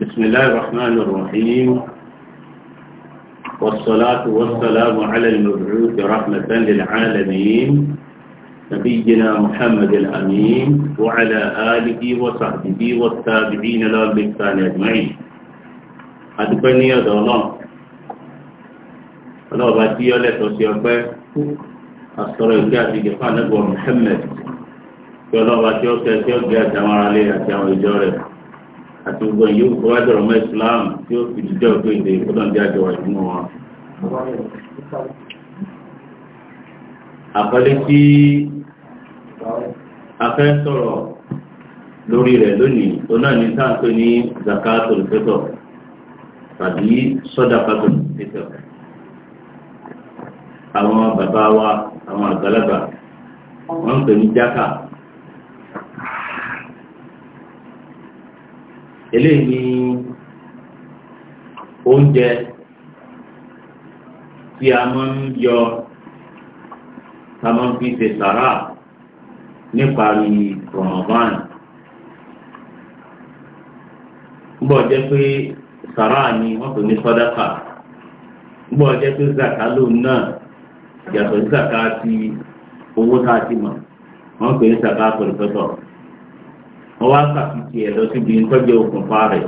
بسم الله الرحمن الرحيم والصلاة والسلام على المبعوث رحمة للعالمين نبينا محمد الأمين وعلى آله وصحبه والتابعين له بإحسان أجمعين أدبني يا دولار الله باتي يا لك وسيا الصلاة والسلام على محمد tí ọlọ́ba tí ó kẹ tí ó gbé àtàwọn ará lé àti àwọn ìjọ rẹ̀ àti gbogbo ìyó ìfowópamọ́ ọmọ Islam tí ó fi jíjẹ́ òkè ìdè ìfọ́dọ̀dé àjọwà ìdúnú wọn. àkọlé tí a fẹ́ sọ̀rọ̀ lórí rẹ̀ lónìí ó náà ní sáàpé ní zakatul fitr tàbí sadaqatul fitr àwọn bàbá wa àwọn àgbàlagbà wọ́n ń pè ní jákà eléyìí ni oúnjẹ tí a máa ń yọ tá fi ṣe sàrà níparí Ramadan gbọ́ pé sàrà ni wọ́n tó ní sọ́dáfà gbọ́ jẹ́ pé zaka lóun náà yàtọ̀ sí zaka ti owó tá a ti mọ̀ wọ́n pè wọ́n wá kàfíìsì ẹ̀ lọ síbi nítọ́jú okùnfà rẹ̀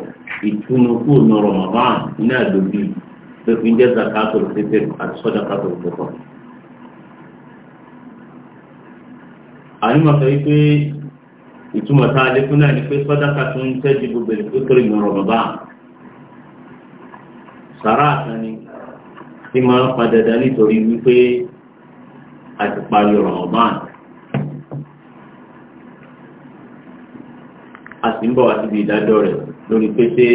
ìtúnu kúrò ní Ramadan iná lòdì tó fi ń jẹ́ zakato tètè àti sọ́dọ̀kato tòkọ̀. àyùmọ̀ sọ wípé ìtumọ̀ tá a lé fún náà ni pé sọ́dọ̀kato ń tẹ́jú gbogbo ẹ̀ pẹ́tọ́rì ní Ramadan. sàrà àtàní ti máa ń padà dání torí wípé àti parí Ramadan. ti ń bọ̀ wá síbi ìdájọ́ rẹ̀ lórí pé ṣé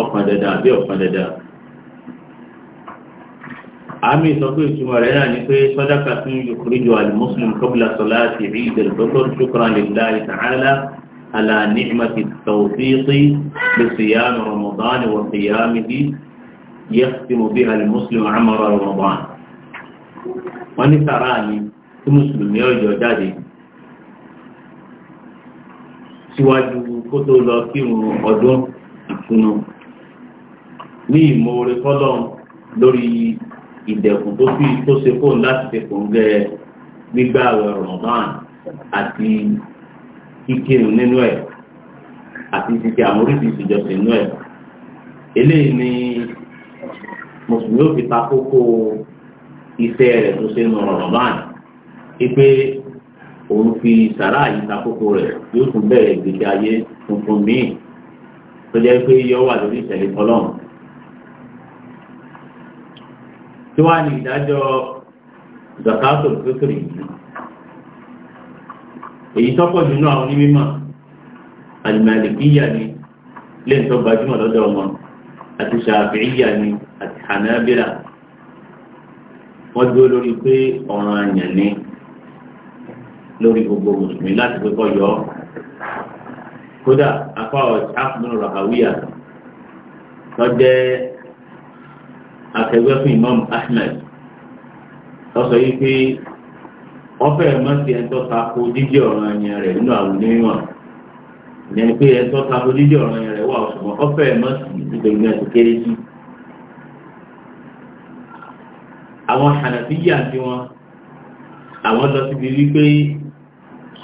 ọkàn dandan àbí ọkàn dandan. àmì sọ pé ìtumọ̀ rẹ̀ náà ni pé sọ́dáka tí ń yọkùnrin jọ alimuslim kọ́bùlà sọlá ti rí ìdẹ̀rẹ̀dọ́tọ̀ ṣukran lillahi ta'ala ala ala ni ti ni'mati tawfiqi bi siyam ramadan wa qiyamihi yẹ́sìmù bí alìmùsùlùmù àmọ́rọ̀ rọ̀mọ̀bọ̀n wọ́n ní sàrá ní tí mùsùlùmí ọjọ́ jáde síwájú kó tó lọ kírun ọdún ìtúnu ní ìmoore fọlọ́n lórí ìdẹ̀kùn tó fi tó ṣe fóun láti ṣe kòǹgẹ́ gbígbà àwẹ̀ Ramadan àti kíkírun nínú ẹ̀ àti títí àwọn oríṣiríṣi ìjọsìn nínú ẹ̀ eléyìí ni mùsùlùmí ò fi ta kókó iṣẹ́ rẹ̀ tó ṣe nù Ramadan ipe òun fi sàrà yìí takókò rẹ̀ yóò tún bẹ̀rẹ̀ ìgbésí ayé tuntun míì tó jẹ́ pé yọ wà lórí ìṣẹ̀lẹ̀ tọ́lọ́run. tí wàá ní ìdájọ́ zakato fitri èyí tọ́pọ̀ jùlọ àwọn onímọ̀ alimalikiya ni lè ń tọ́ gbajúmọ̀ lọ́dọ̀ wọn àti ṣàfihìyà ni àti hanabila wọ́n dúró lórí pé ọ̀ràn àyàn ni lórí gbogbo mùsùlùmí láti pé kọ́ yọ ọ́ kódà apá àfúnú rahawiya tó jẹ́ akẹgbẹ́ fún Imam Ahmed tó sọ yìí pé ọfẹ mọsi ẹ̀tọ́ tako jíjẹ ọ̀ràn yẹn rẹ nínú àwọn onímọ̀ ìyẹn pé ẹ̀tọ́ tako jíjẹ ọ̀ràn yẹn rẹ wà ọsùnmọ ọfẹ mọsi ìgbẹ̀yìn náà ti kéré sí. àwọn Hanafiya tiwọn àwọn lọ síbi wípé.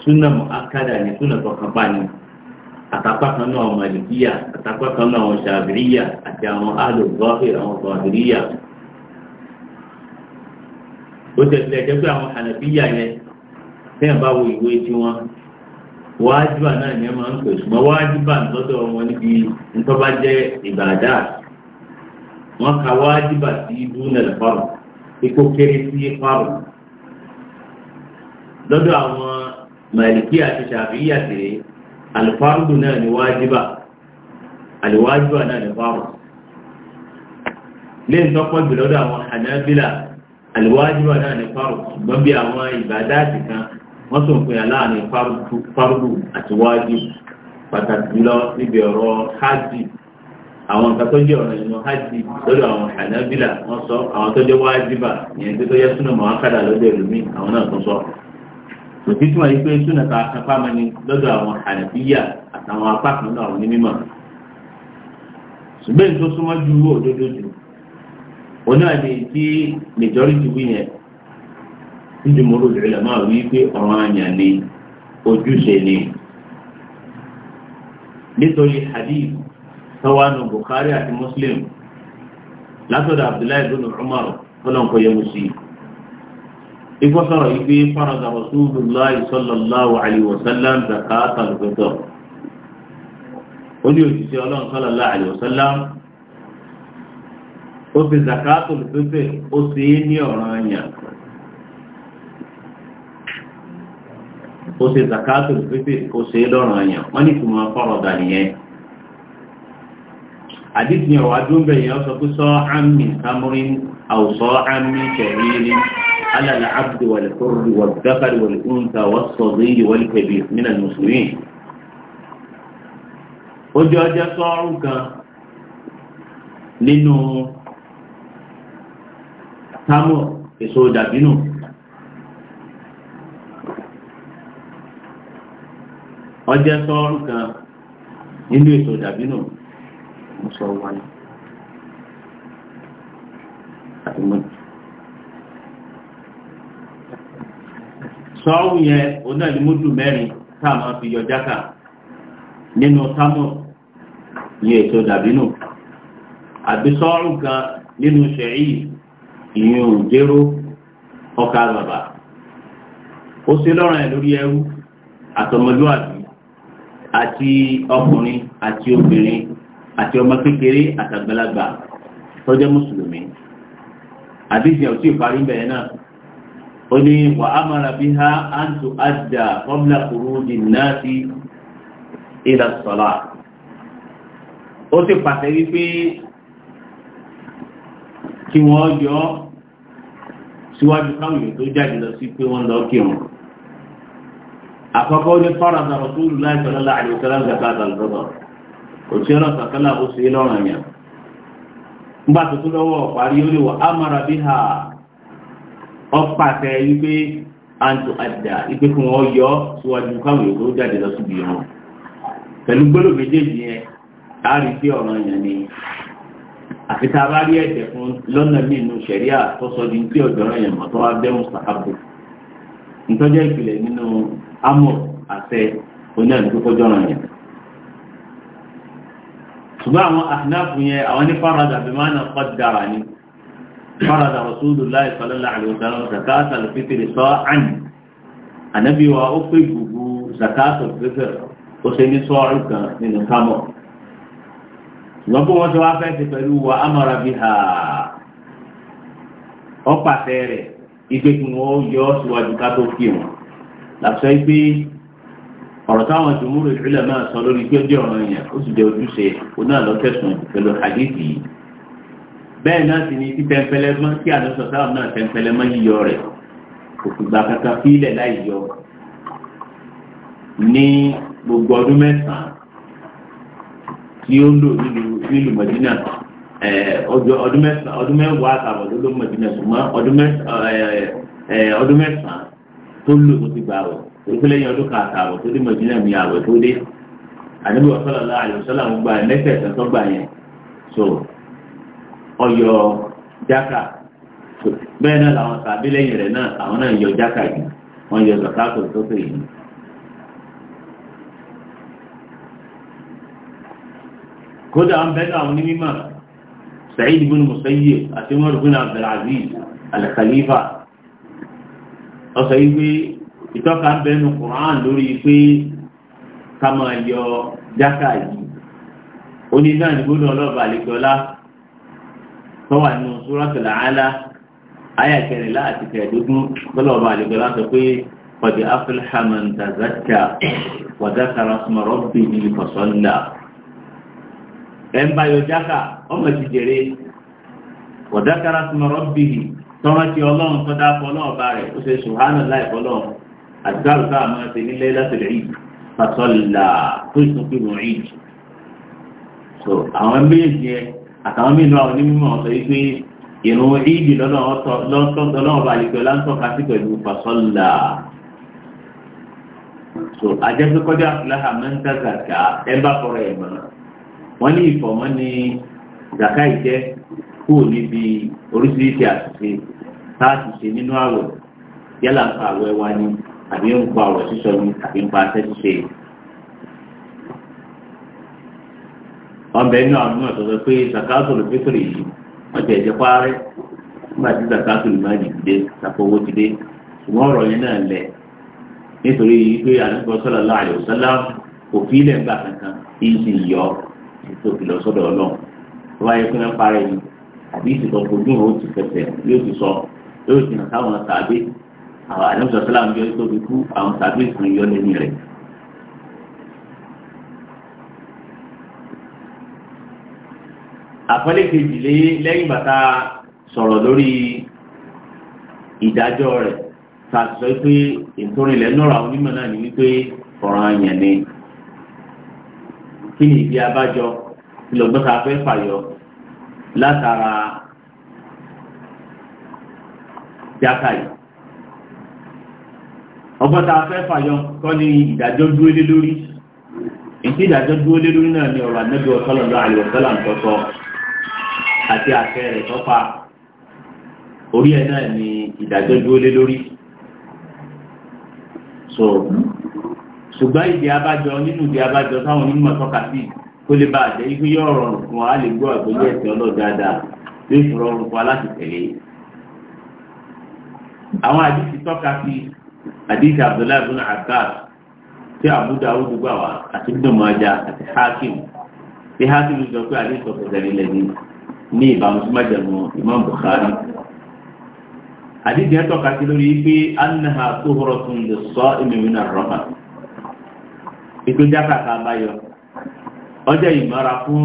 súnà akádà ni àtàpá kan náà àwọn màlìkíyà àtàpá kan náà àwọn ṣàbíríyà àti àwọn alòzọ́fẹ̀ àwọn o ó tẹ̀lé ẹ̀jẹ̀ pé àwọn hànàbíyà yẹn tẹ́yìn bá wo ìwé tí wọ́n wájúbà náà ni ẹ máa ń pè ṣùgbọ́n wájúbà lọ́dọ̀ wọn níbi wọn ka wájúbà màlìkí àti ṣàfíyà sí alifáàrùdù náà ni wájíbà aliwájíbà náà ni fáàrù lè tọ́pọ̀ jùlọ́dọ̀ àwọn hànábílà aliwájíbà náà ni fáàrù ṣùgbọ́n bí àwọn ìbádáàtì kan wọ́n tó ń pè aláàrin fáàrùdù àti wájíbà pàtàkì jùlọ níbi ọ̀rọ̀ hajj àwọn nǹkan tó jẹ́ ọ̀rọ̀ ìlú hajj lọ́dọ̀ àwọn hànábílà wọ́n sọ àwọn tó jẹ́ wájíbà ìyẹn tó yẹ súnà mọ́ òtí tí wọ́n yí pé súnà ta apá máa ní lọ́dọ̀ àwọn àlàbíyà àtàwọn apá kan lọ́dọ̀ àwọn onímọ̀ ṣùgbọ́n tó súnmọ́ ju owó òdodo jù oní àti tí majority wí yẹn níjú mo rúdùrí lẹ̀ máa wí pé ọ̀ràn àyàn ni ojúṣe ni nítorí hadith tọ́wánu Bukhari àti Muslim látọ̀dọ̀ Abdullahi bin Umar fọlọ́nkọ yẹmu sí i ikọ́ sọ̀rọ̀ yìí pé farada rasulullah sallallahu alayhi wa sallam zakat al-fitr ó ní òṣìṣẹ́ ọlọ́run sallallahu alayhi wa sallam ó fi zakat al-fitr ó sì é ní ọ̀ranyàn ó ṣe zakato pépè ó ṣe lọ́rùn àyàn wọ́n ní kùmọ̀ fọ́rọ̀dà nìyẹn àdìsí ọ̀wà dúnbẹ̀ yẹn sọ pé sọ على العبد والحر والذكر والأنثى والصغير والكبير من المسلمين ó jẹ́ ọjọ́ sọ́ọ̀rùn kan nínú támù èso dàbínù ọjọ́ sọ́ọ̀rùn kan nínú èso dàbínù mo sọ wáyé àti mọ́tò. sọ́ọ̀wù yẹn oná ní múdù mẹ́rin tá a máa fi yọ jáka nínú támù ní ètò dàbínú àbí sọ́ọ̀rù kan nínú ṣẹ̀yí ìyún òǹjẹ́rò ọkà bàbà ó ṣe lọ́rùn ẹ̀ lórí ẹrú àtọmọlúwàbí àti ọkùnrin àti obìnrin àti ọmọ kékeré àtàgbàlagbà mùsùlùmí ó ní wà á mara bí ha á ń tó àjà qabla khuruji nasi ila salat ó ti pàṣẹ wípé kí wọ́n yọ síwájú káwọn èèyàn tó jáde lọ sí pé wọ́n lọ kí wọn àkọ́kọ́ ní farada Rasulullahi sallallahu alaihi wasallam zakat al-fitr òṣèré ọ̀sàkálà ó ṣe lọ́rùn yẹn nígbà tó tún lọ́wọ́ parí ó lè wà á mara bí ha ọpàtẹ wípé àǹtò àdá wípé fún wọn yọ síwájú káwọn èèyàn tó jáde lọ síbi wọn pẹ̀lú gbọ́dọ̀ méjèèjì yẹn a rí sí ọ̀ràn yẹn ni àfi tá a bá rí ẹ̀jẹ̀ fún lọ́nà nínú sẹ̀ríà tó sọ di tí ọ̀dọ́rọ̀ yẹn tó wá bẹ́ẹ̀ ìpìlẹ̀ nínú amọ̀ àtẹ yẹn ṣùgbọ́n àwọn yẹn àwọn nípa kọ́ farada rasulullah sallallahu alaihi wasallam zakat al-fitr sa'an anabi wa ó pé gbogbo zakat al-fitr ó ṣe ní sọ́ọ̀rù kan nínú kámọ̀ ṣùgbọ́n bí wọ́n ṣe wá fẹ́ẹ́ ṣe pẹ̀lú wa amara biha ọ̀pàṣẹ rẹ̀ ìgbé kí wọ́n yọ ọ́ síwájú ká tó kí wọn làṣẹ pé ọ̀rọ̀ táwọn jùmúrò ìfìlẹ̀ náà sọ lórí pé ó jẹ́ ọ̀ràn yẹn ó sì jẹ́ ojúṣe onáà lọ́kẹ̀sùn pẹ̀lú hadithi yìí bẹ́ẹ̀ náà sì ni tí tẹ́ńpẹ́lẹ́ mọ́ tí àdóso sáwọn náà tẹ́ńpẹ́lẹ́ mọ́ yíyọ rẹ̀ òkùgbà kankan fílẹ̀ láì yọ ní gbogbo ọdún mẹ́sàn-án tí ó ń lò nílùú Mọ̀dínà ọdún mẹ́sàn-án ọdún mẹ́wàá àtàwọn ló ló Mọ̀dínà ṣùgbọ́n ọdún mẹ́sàn-án tó lò tó ti gbà wọ̀ ìpínlẹ̀ yẹn ọdún kan àtàwọn tó dé Mọ̀dínà mi àwẹ̀ tó dé àdébíwọ̀ sọ́lá láàyò sọ́lá ń gba ẹ̀ mẹ́sẹ̀ tó gbà yẹn ọyọ jáka bẹ́ẹ̀ náà làwọn tàbí lẹ́yìn rẹ̀ náà àwọn náà yọ jáka yìí wọ́n yọ zakato sókè yìí. kódà ń bẹ́ẹ̀ àwọn onímọ̀ Sa'id ibn Musayyib àti Umar ibn Abdul Aziz al-Khalifa ọ̀sẹ̀ yìí pé ìtọ́ka ń bẹ́ẹ̀ nù Qur'an lórí pé ká máa yọ jáka yìí oní náà ní gbọ́dọ̀ ọlọ́ọ̀bà tọ́wà nínú suratul A'la ayà kẹrìnlá àti kẹẹ̀dógún tọ́lọ̀ ọba àlejò láti pé qad aflaha man tazakka wa dhakara isma rabbihi fasalla ẹ̀ ń báyọ̀ jáka ọmọ ti jèrè wa dhakara isma rabbihi tọ́wọ́ ti ọlọ́run tọ́dá fọlọ́ọ̀bá rẹ̀ ó ṣe subhana láì fọlọ́ọ̀ àdúgbò tá a máa ṣe nílé lásìlè yìí yìí so àtàwọn mìíràn àwọn onímọ̀ ọ̀sọ̀ yìí pé ìrun ìdì lọ́nà ọba àlejò láńtọ́ka sí pẹ̀lú fasọ́là so ajẹ́pẹ́ kọjá fúláhà mẹ́ńtà zàkà ẹ bá fọ̀rọ̀ ẹ̀ mọ́ wọ́n ní ìfọ̀mọ́ ni zàkà ìjẹ́ kú níbi oríṣiríṣi àṣìṣe tá a ti ṣe nínú àwẹ̀ yálà ń pa àwẹ̀ wa ni àbí ń pa ọ̀rọ̀ sísọ ni àbí ń pa aṣẹ́ ṣíṣe yìí. ọbẹ̀ inú àwọn náà sọ̀rọ̀ pé zakato ló fẹ́tọ̀ lè ṣe wọ́n ti ẹ̀jẹ̀ párẹ́ nígbà tí zakato lè má yìí dé sàfowó ti dé ṣùgbọ́n ọ̀rọ̀ yẹn náà lẹ̀ nítorí pé àdúgbò sọ̀rọ̀ láàyò sọ́lá òfin ilẹ̀ ń gbà kankan ìsì yọ ètò ìlọ sọ́dọ̀ ọlọ́run tó bá yẹ kí wọ́n parẹ́ yìí àbí ìsìnkú ojú ò ti fẹsẹ̀ yóò ti sọ yóò ti hàn sáwọn tàbí àwọn àdúgbò sọ̀rọ̀ àpẹẹlẹ kejìlé lẹ́yìn bàtà sọ̀rọ̀ lórí ìdájọ́ rẹ̀ tàṣọ pé ìtòrìnlẹ̀ nọ́ra onímọ̀ náà ní wípé ọ̀ràn àyàn ni kí ni ìdí abájọ ìlọgbọ́ta fẹ́ fàyọ látara jákàyè ọgbọ́ta fẹ́ fàyọ kọ́ ni ìdájọ́ dúró lé lórí ìdí ìdájọ́ dúró lé lórí náà ni ọ̀rọ̀ ànábì sallallahu alaihi wasallam ń tọ́tọ́ àti àṣẹ rẹ̀ tọ́pa orí ẹ̀ náà ni ìdájọ́ dúró lé lórí so ṣùgbọ́n ìdí abájọ nínú ìdí abájọ táwọn onímọ̀ tọ́ka sí kó lè bá àjẹ́ ikú yóò rọrùn fún wa á lè gbọ́ àgbélé ẹ̀sẹ̀ ọlọ́dáadáa yóò fi rọrùn fún wa láti tẹ̀lé àwọn àdìsí tọ́ka sí àdìsí Abdullahi bin Abbas tí Abu Dawud gbà wá àti Ibn Majah àti Hakim tí Hakim sọ pé àdìsí ọ̀sẹ̀ tẹ̀lé ní ìbámu sí májẹ̀mú Imam Bukhari àdídì ẹ̀ tọ́ka sí lórí pé annaha tuhratun lis-sa'imi min ar-rafa ìpé jákàtà àbáyọ ọjọ́ ìmọ̀ra fún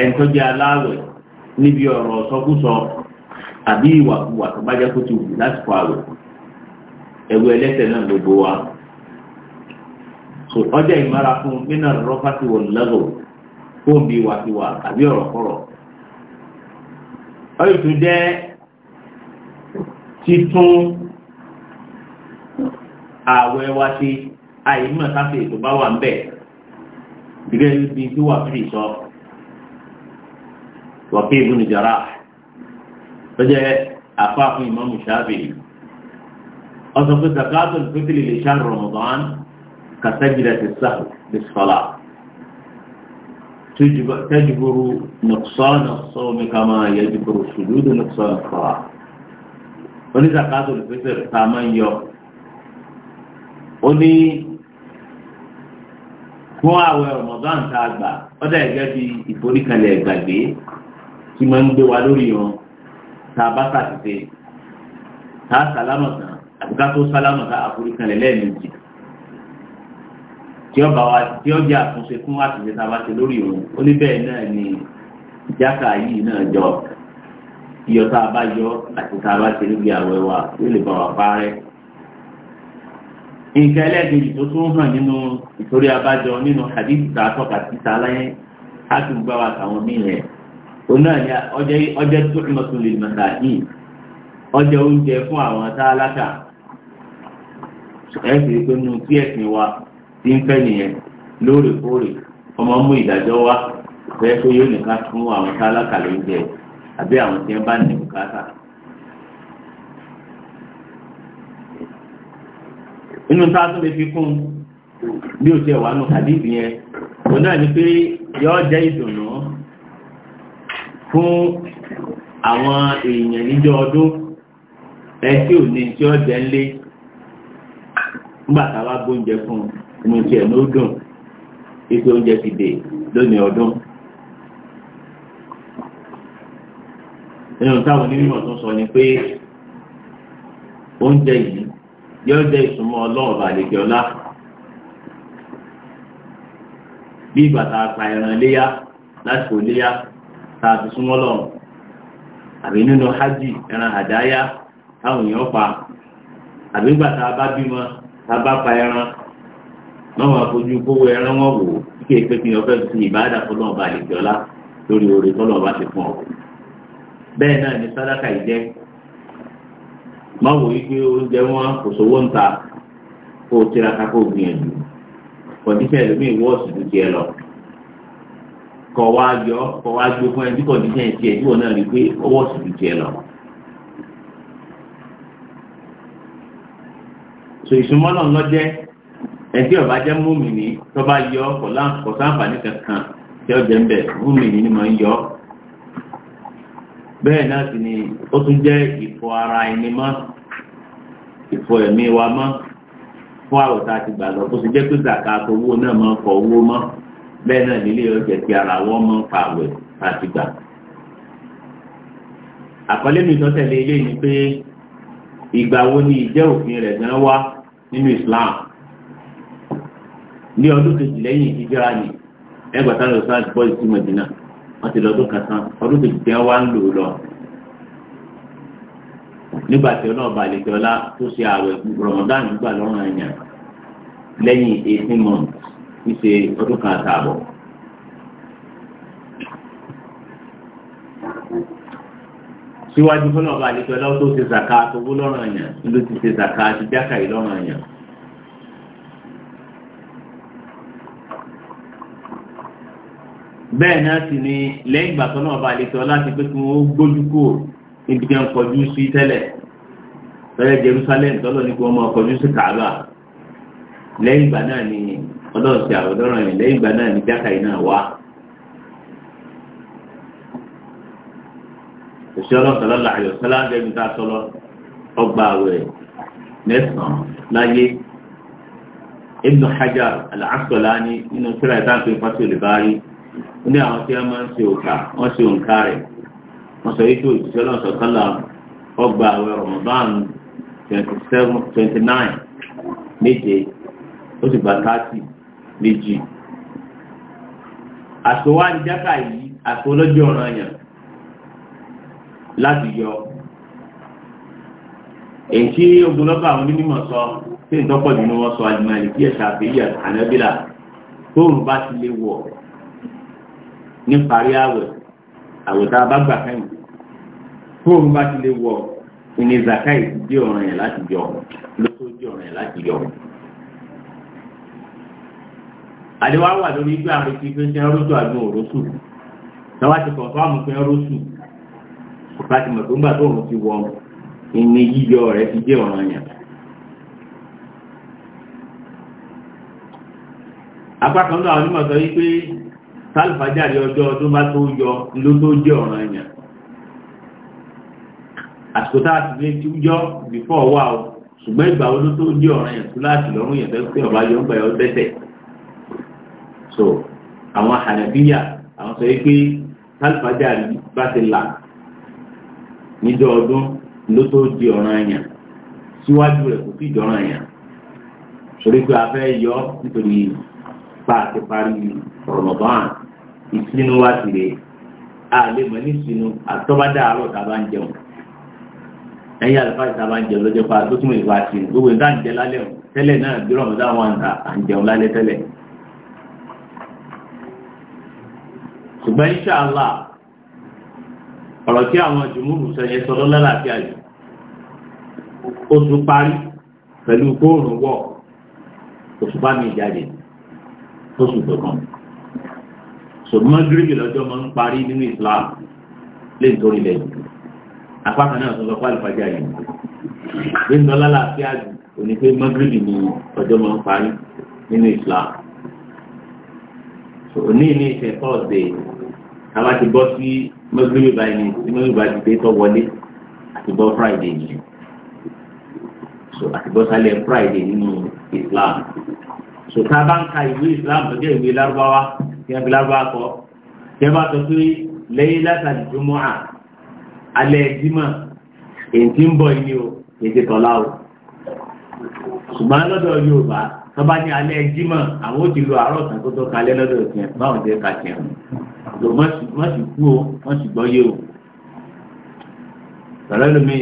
ẹ̀ńtọ́jẹ́ aláwẹ̀ níbi ọ̀rọ̀ sọkúsọ àbí ìwàkuwà tó bá jẹ́ kó ti wù lásìkò àwẹ̀ ẹ̀wù ẹlẹ́sẹ̀ náà gbogbo wa ọjọ́ ìmọ̀ra fún min ar-rafati wal-lagwi kó ń bi wàtiwà tàbí ọ̀rọ̀kọ̀rọ̀ ọyọ tó jẹ́ títún ààwẹ̀ wa ṣe àìmọ̀ sáfẹ́ ètò bá wà ń bẹ̀ gẹ́gẹ́ bí tí wà fi sọ wàkí ibùn ìjàrá tó jẹ́ àfáàfin ìmáàmù Ṣáfi'í ọsọ pé zakatul fitri lè ṣáà Ramadan kàtàgìdà ti sáà lè sọ́lá. تجبر نقصان الصوم كما يجبر السجود نقصان الصلاة oní zakato lùfẹ́sẹ̀ tá a máa ń yọ ó ní fún àwẹ̀ Ramadan tá a gbà ọ̀dà ẹ̀gẹ́ bí ìforíkalẹ̀ ìgbàgbé tí máa ń gbé wa lórí wọn tá a bá sàtìsẹ́ tá a sálámà tán àbúkátó sálámà tá a foríkalẹ̀ lẹ́ẹ̀mejì tí ọba wa tí ó jẹ́ àtúnṣe fún àtúnṣe tá a bá ṣe lórí òun ó ní bẹ́ẹ̀ náà ni jákà yìí náà jọ iyọ̀ tá a bá yọ àti tá a bá ṣe níbi àwẹ̀ wa yóò lè bá wa parẹ́. nǹkan ẹlẹ́ẹ̀kejì tó tún hàn nínú ìtorí abájọ nínú hadith tá a tọ́ka sí ta láyé á tún gbá wa tàwọn míì òun náà ni ọjẹ́ tó ń lọ sùn lè mọ̀tà yìí ọjẹ́ oúnjẹ fún àwọn tálákà ẹ̀ sì rí pé nínú tí ẹ̀sìn wa tí ń fẹ́ nìyẹn lóòrèkóòrè ọmọ mú ìdájọ́ wá bẹ́ẹ̀ pé yóò nìkan fún àwọn tálákà lóúnjẹ àbí àwọn tí wọ́n bá ní bùkátà. inú tá a tún lè fi kún bí o tiẹ̀ wà nù hadith yẹn òun náà ni pé yóò jẹ́ ìdùnnú fún àwọn èèyàn níjọ ọdún ẹ tí ò ní tí nígbà tá a bá gbóúnjẹ fún un. inú tiẹ̀ ló dùn ipe oúnjẹ ti dè lónìí ọdún. nínú táwọn onímọ̀ tó sọ ni pé oúnjẹ yìí yóò jẹ́ ìsúnmọ́ ọlọ́ọ̀bà àlejò ọlá bí ìgbà tá a pa ẹran léyà lásìkò tá a ti súnmọ́ lọ́rùn àbí nínú hajj ẹran àdáyá táwọn èèyàn pa àbí bímọ lọ́wọ́ àfojú kówó ẹran wọn wò kíkẹ́ pé kí ọfẹ́ fi ìbáàdà fọlọ́ ọba àlejò ọlá lórí oore tọ́lọ́ ọba ti fún ọ. bẹ́ẹ̀ náà ni sàdákà yìí jẹ́ má wò yí pé oúnjẹ wọn kò sówó ń ta kó o tiraka kó o gbìyànjú kọ̀díṣẹ́ ẹlòmíì wọ́ọ̀sì ju tiẹ̀ lọ. kọ̀ wá yọ kọ̀ wá gbé fún ẹ bí kọ̀díṣẹ́ tiẹ̀ tí wọn náà rí pé ọwọ́ọ̀sì ju tiẹ̀ lọ. sọ ìsúnmọ́ náà lọ jẹ́ ẹgbẹ́ ọba jẹ́ múmìnì tó bá yọ kò sáǹfààní kankan tí ó jẹ́ ń bẹ̀ múmìnì ni mo ń yọ. bẹ́ẹ̀ náà sì ni ó tún jẹ́ ìfọ ara ẹni mọ́ ìfọ ẹ̀mí wa mọ́ fún àwòtá àti gbàgbọ́ kó sì jẹ́ pé zàkà owó náà máa ń owó mọ́ bẹ́ẹ̀ náà nílé ọjà ti ara wọn máa ń àti gbà. àkọlé mi tó tẹ̀lé ilé ni pé ìgbà wo ni ìjẹ́ òfin rẹ̀ gan wá nínú Islam ní ọdún kejì lẹ́yìn ìjọra ni ẹgbàtà lọ sáà bọ́ ìsú mẹ̀dínà wọ́n ti lọ́dún kẹsàn ọdún kejì tẹ́ wá ń lò lọ. nígbà tí ọlọ́ọ̀bà àlejò ọlá tó ṣe ààwẹ̀ rọ̀mọ̀dán nígbà lọ́rùn ẹ̀yàn lẹ́yìn eighteen months ṣíṣe ọdún kan àtààbọ̀. síwájú fọlọ́ọ̀bà àlejò ọlá tó ṣe zaka tó wó lọ́rùn ẹ̀yàn ló ti ṣe zaka ti jákàá lọ́rùn ẹ̀yàn. bẹ́ẹ̀ náà sì ni lẹ́yìn ìgbà tó náà bá lè tọ́ láti pé kí wọ́n gbójú kò níbi jẹun kọjú sí tẹ́lẹ̀ tọ́lẹ̀ Jerusalem tọ́lọ̀ ní kí wọ́n máa kọjú sí Kaaba lẹ́yìn ìgbà náà ni ọlọ́ọ̀sì àwòdọ́rọ̀ yẹn lẹ́yìn ìgbà náà ni jákàyè náà wá. òṣèlú ọ̀sọ̀lọ́lá àyọ̀sọ́lá gẹ́gẹ́ tá a sọ́lọ́ ọgbà àwẹ̀ mẹ́sàn-án láyé Ibn Hajar al-Asqalani nínú ó ní àwọn tí wọ́n máa ń ṣe òǹkà wọ́n ṣe òǹkà rẹ̀ wọ́n sọ yìí tó òṣìṣẹ́ náà sọ̀kálà ọgbà àwẹ̀ Ramadan twenty seven twenty nine méje ó sì gba káàtì méjì. àsòwá ń jákà yìí àsò lọ́jọ́ ọ̀ràn yàn láti yọ. èyí tí ogunlọ́gọ̀ àwọn onímọ̀ sọ tí ìtọ́pọ̀ jù ní wọ́n sọ àjùmọ̀ ẹ̀lẹ́kí ẹ̀ṣà àfẹ́yà ànábìlà tóun bá ti lè wọ̀ ní parí àwẹ̀ àwẹ̀ tá a bá gbà kẹ́yìn fóònù bá ti lè wọ ìní zakai dé ọ̀ràn yẹn láti yọ lóko dé ọ̀ràn yẹn láti yọ. àdéhùn àwọn àdórí gbé àrùn ti pé ṣe ń rúṣù àdún òróṣù lọ́wọ́ ti kọ̀ fáwọn pé ń rúṣù láti mọ̀ tó ń gbà tó òun ti wọ ìní yíyọ rẹ̀ ti dé ọ̀ràn yẹn. apá kan náà onímọ̀ sọ wípé tálfàjáde ọjọ́ ọdún bá tó yọ ló tó jẹ́ ọ̀ràn èèyàn àsìkò tá a sì lè ti yọ bífọ́ wà o ṣùgbọ́n ìgbà wo ló tó jẹ́ ọ̀ràn èèyàn tó láti lọ́rùn yẹn fẹ́ pé ọba yọ ń gbà yọ dẹ́sẹ̀ so àwọn hànàbíyà àwọn sọ pé tálfàjáde bá ti là níjọ́ ọdún ló tó jẹ́ ọ̀ràn èèyàn síwájú rẹ̀ kò sí ìjọ́ràn èèyàn torí pé a fẹ́ yọ nítorí pa àti parí Ramadan ìsinú wa sì rèé a lè mọ̀ ní ìsinú àtọ́bádá àárọ̀ tàbá ń jẹun ẹ̀yìn àlùfáà tàbá ń jẹun lọ́jọ́ pa tó túnmọ̀ ìfà sí gbogbo ìta ń jẹ lálẹ́ o tẹ́lẹ̀ náà bí rọ̀mọ̀dá wọn ta à ń jẹun lálẹ́ tẹ́lẹ̀ ṣùgbọ́n inṣàlá ọ̀rọ̀ tí àwọn jùmúrù sẹ́yẹ sọ lọ́lá láti àjò oṣù parí pẹ̀lú kóòrùn wọ̀ oṣù mi jáde oṣù tó kàn mí ṣùgbọ́n gírígì lọ́jọ́ máa ń parí nínú Islam lè ń torí lẹ́yìn apákan náà sọ̀rọ̀ pálí fàjà yìí bí ń dọ́lá láàfíà òní pé mọ́gírìbì ni ọjọ́ máa ń parí nínú Islam òní ní ìṣe thursday káwá ti bọ́ sí mọ́gírìbì báyìí ní sí mọ́gírìbì bá ti dé tó wọlé àti bọ́ friday yìí so àti bọ́ sálẹ̀ friday nínú Islam so tá a bá ń ka ìwé Islam tó jẹ́ ìwé lárúbáwá yẹn fi lábá kọ́ yẹn bá sọ pé lẹ́yìn látàlí jùmọ̀ à alẹ́ dímọ̀ èyí tí ń bọ̀ yìí o èyí ti tọ́lá o ṣùgbọ́n lọ́dọ̀ Yorùbá tó bá ní alẹ́ dímọ̀ àwọn ò ti lo àárọ̀ kan tó tó kalẹ́ lọ́dọ̀ tiẹ̀ báwọn jẹ́ ká tiẹ̀ lò wọ́n sì kú o wọ́n sì gbọ́ yé o sọ̀rọ̀ lómi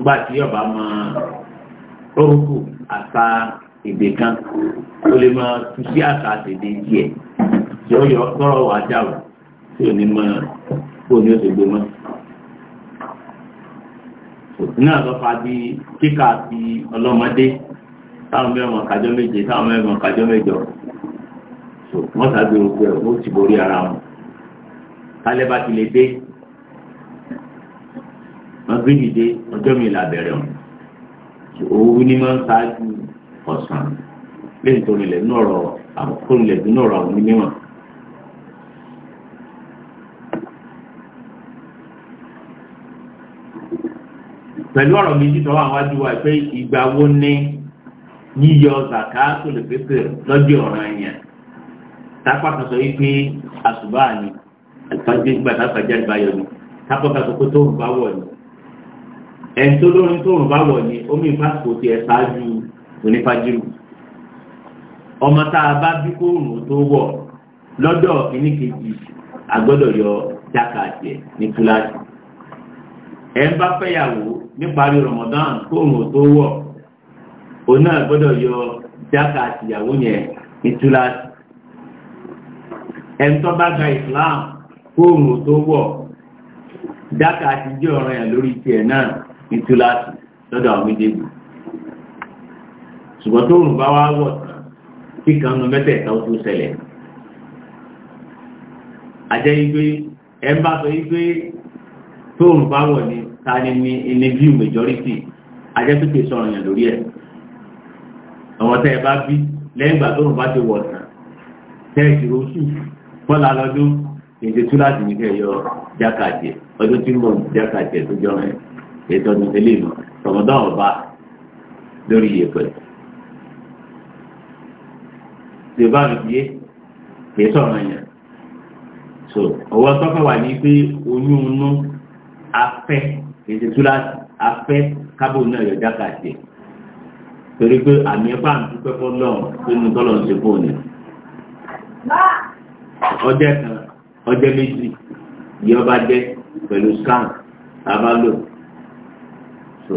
gbà tí ọba mọ orúkú àṣà èdè kan ó lè máa tu sí àṣà àṣèdè tiẹ̀ yóò yọ tọ́rọ̀ wà jáwò tí ò ní mọ́ kó ní ó ti gbé mọ́. náà lọ fa bí kíkà ti ọlọ́mọdé táwọn mẹ́wọ̀n kájọ́ méje táwọn mẹ́wọ̀n kájọ́ mẹ́jọ wọ́n sábẹ́ òkú ẹ̀ ó ti borí ara wọn. kálẹ̀ bá ti lè dé wọ́n gbé dìde ọjọ́ mi là bẹ̀rẹ̀ wọn. òwú ni máa ń ṣáájú ọ̀sán lẹ́yìn tó nílẹ̀ nínú ọ̀rọ̀ àwọn tó nílẹ̀ nínú ọ̀rọ̀ àwọn onímọ̀. pẹ̀lú ọ̀rọ̀ méjì tó wà wájú wa pé ìgbà wo ni yíyọ zaka tó lè pépè lọ́jọ́ ọ̀ràn yẹn tápá kan sọ wípé àṣùbà ni àtúbàjẹ́ ìgbà tápàjẹ́ àgbáyọ ni tápá kan sọ pé tóun bá wọ̀ ni ẹni tó lórin tóun bá wọ̀ ni omi ìfásitì ti ẹ̀ ṣáájú onífàjìrù ọmọ tá a bá bí kóòrùn tó wọ̀ lọ́dọ̀ kìíní kejì àgbọ́dọ̀ yọ jákàtì ẹ̀ ní kíláàsì ẹ̀ ń bá fẹ́yàwó níparí Ramadan kóòrùn tó wọ̀ òun náà gbọ́dọ̀ yọ jáka àtìyàwó yẹn ìtura ẹ̀ńtọ́ Islam kóòrùn tó wọ̀ jáka àti jẹ́ ọ̀ràn yẹn lórí tiẹ̀ náà ìtura lọ́dọ̀ àwọn méjèèjì ṣùgbọ́n tóòrùn bá wá wọ̀ tán kíkan nu mẹ́tẹ̀ẹ̀ta ó tó ṣẹlẹ̀ àjẹ́ igbe ẹ̀ ń bá sọ igbe tóòrùn bá wọ̀ ni ta ni ni ní view majority ajẹ́pípé sọ̀rọ̀ yẹn lórí ẹ̀ àwọn tẹ́ ẹ bá bí lẹ́yìn ìgbà tó rùn bá ti wọ̀ ọ̀sán tẹ́ ẹ ti roṣù bọ́lá lọ́dún èdè tú láti ní kẹ́ yọ jákàjẹ́ ọdún tí ń bọ̀ jákàjẹ́ tó jọ rẹ̀ ètò ọdún tẹ́lẹ̀ ìlú tọmọdán ọba lórí ìyẹ̀pẹ̀. yorùbá mi fi yé kìí sọ̀rọ̀ yẹn so ọwọ́ sọ́kọ̀ wà ní pé oyún inú afẹ́ èsì túláàsì afẹ́ kábò náà yọ jáka jẹ torí pé àmì ẹ̀fà ń dúpẹ́ fọlọ́ọ̀ tó nu tọ́lọ̀ ń ṣe fóònù ọjẹ́ kan ọjẹ́ méjì yọ bá jẹ́ pẹ̀lú scan tábà lò so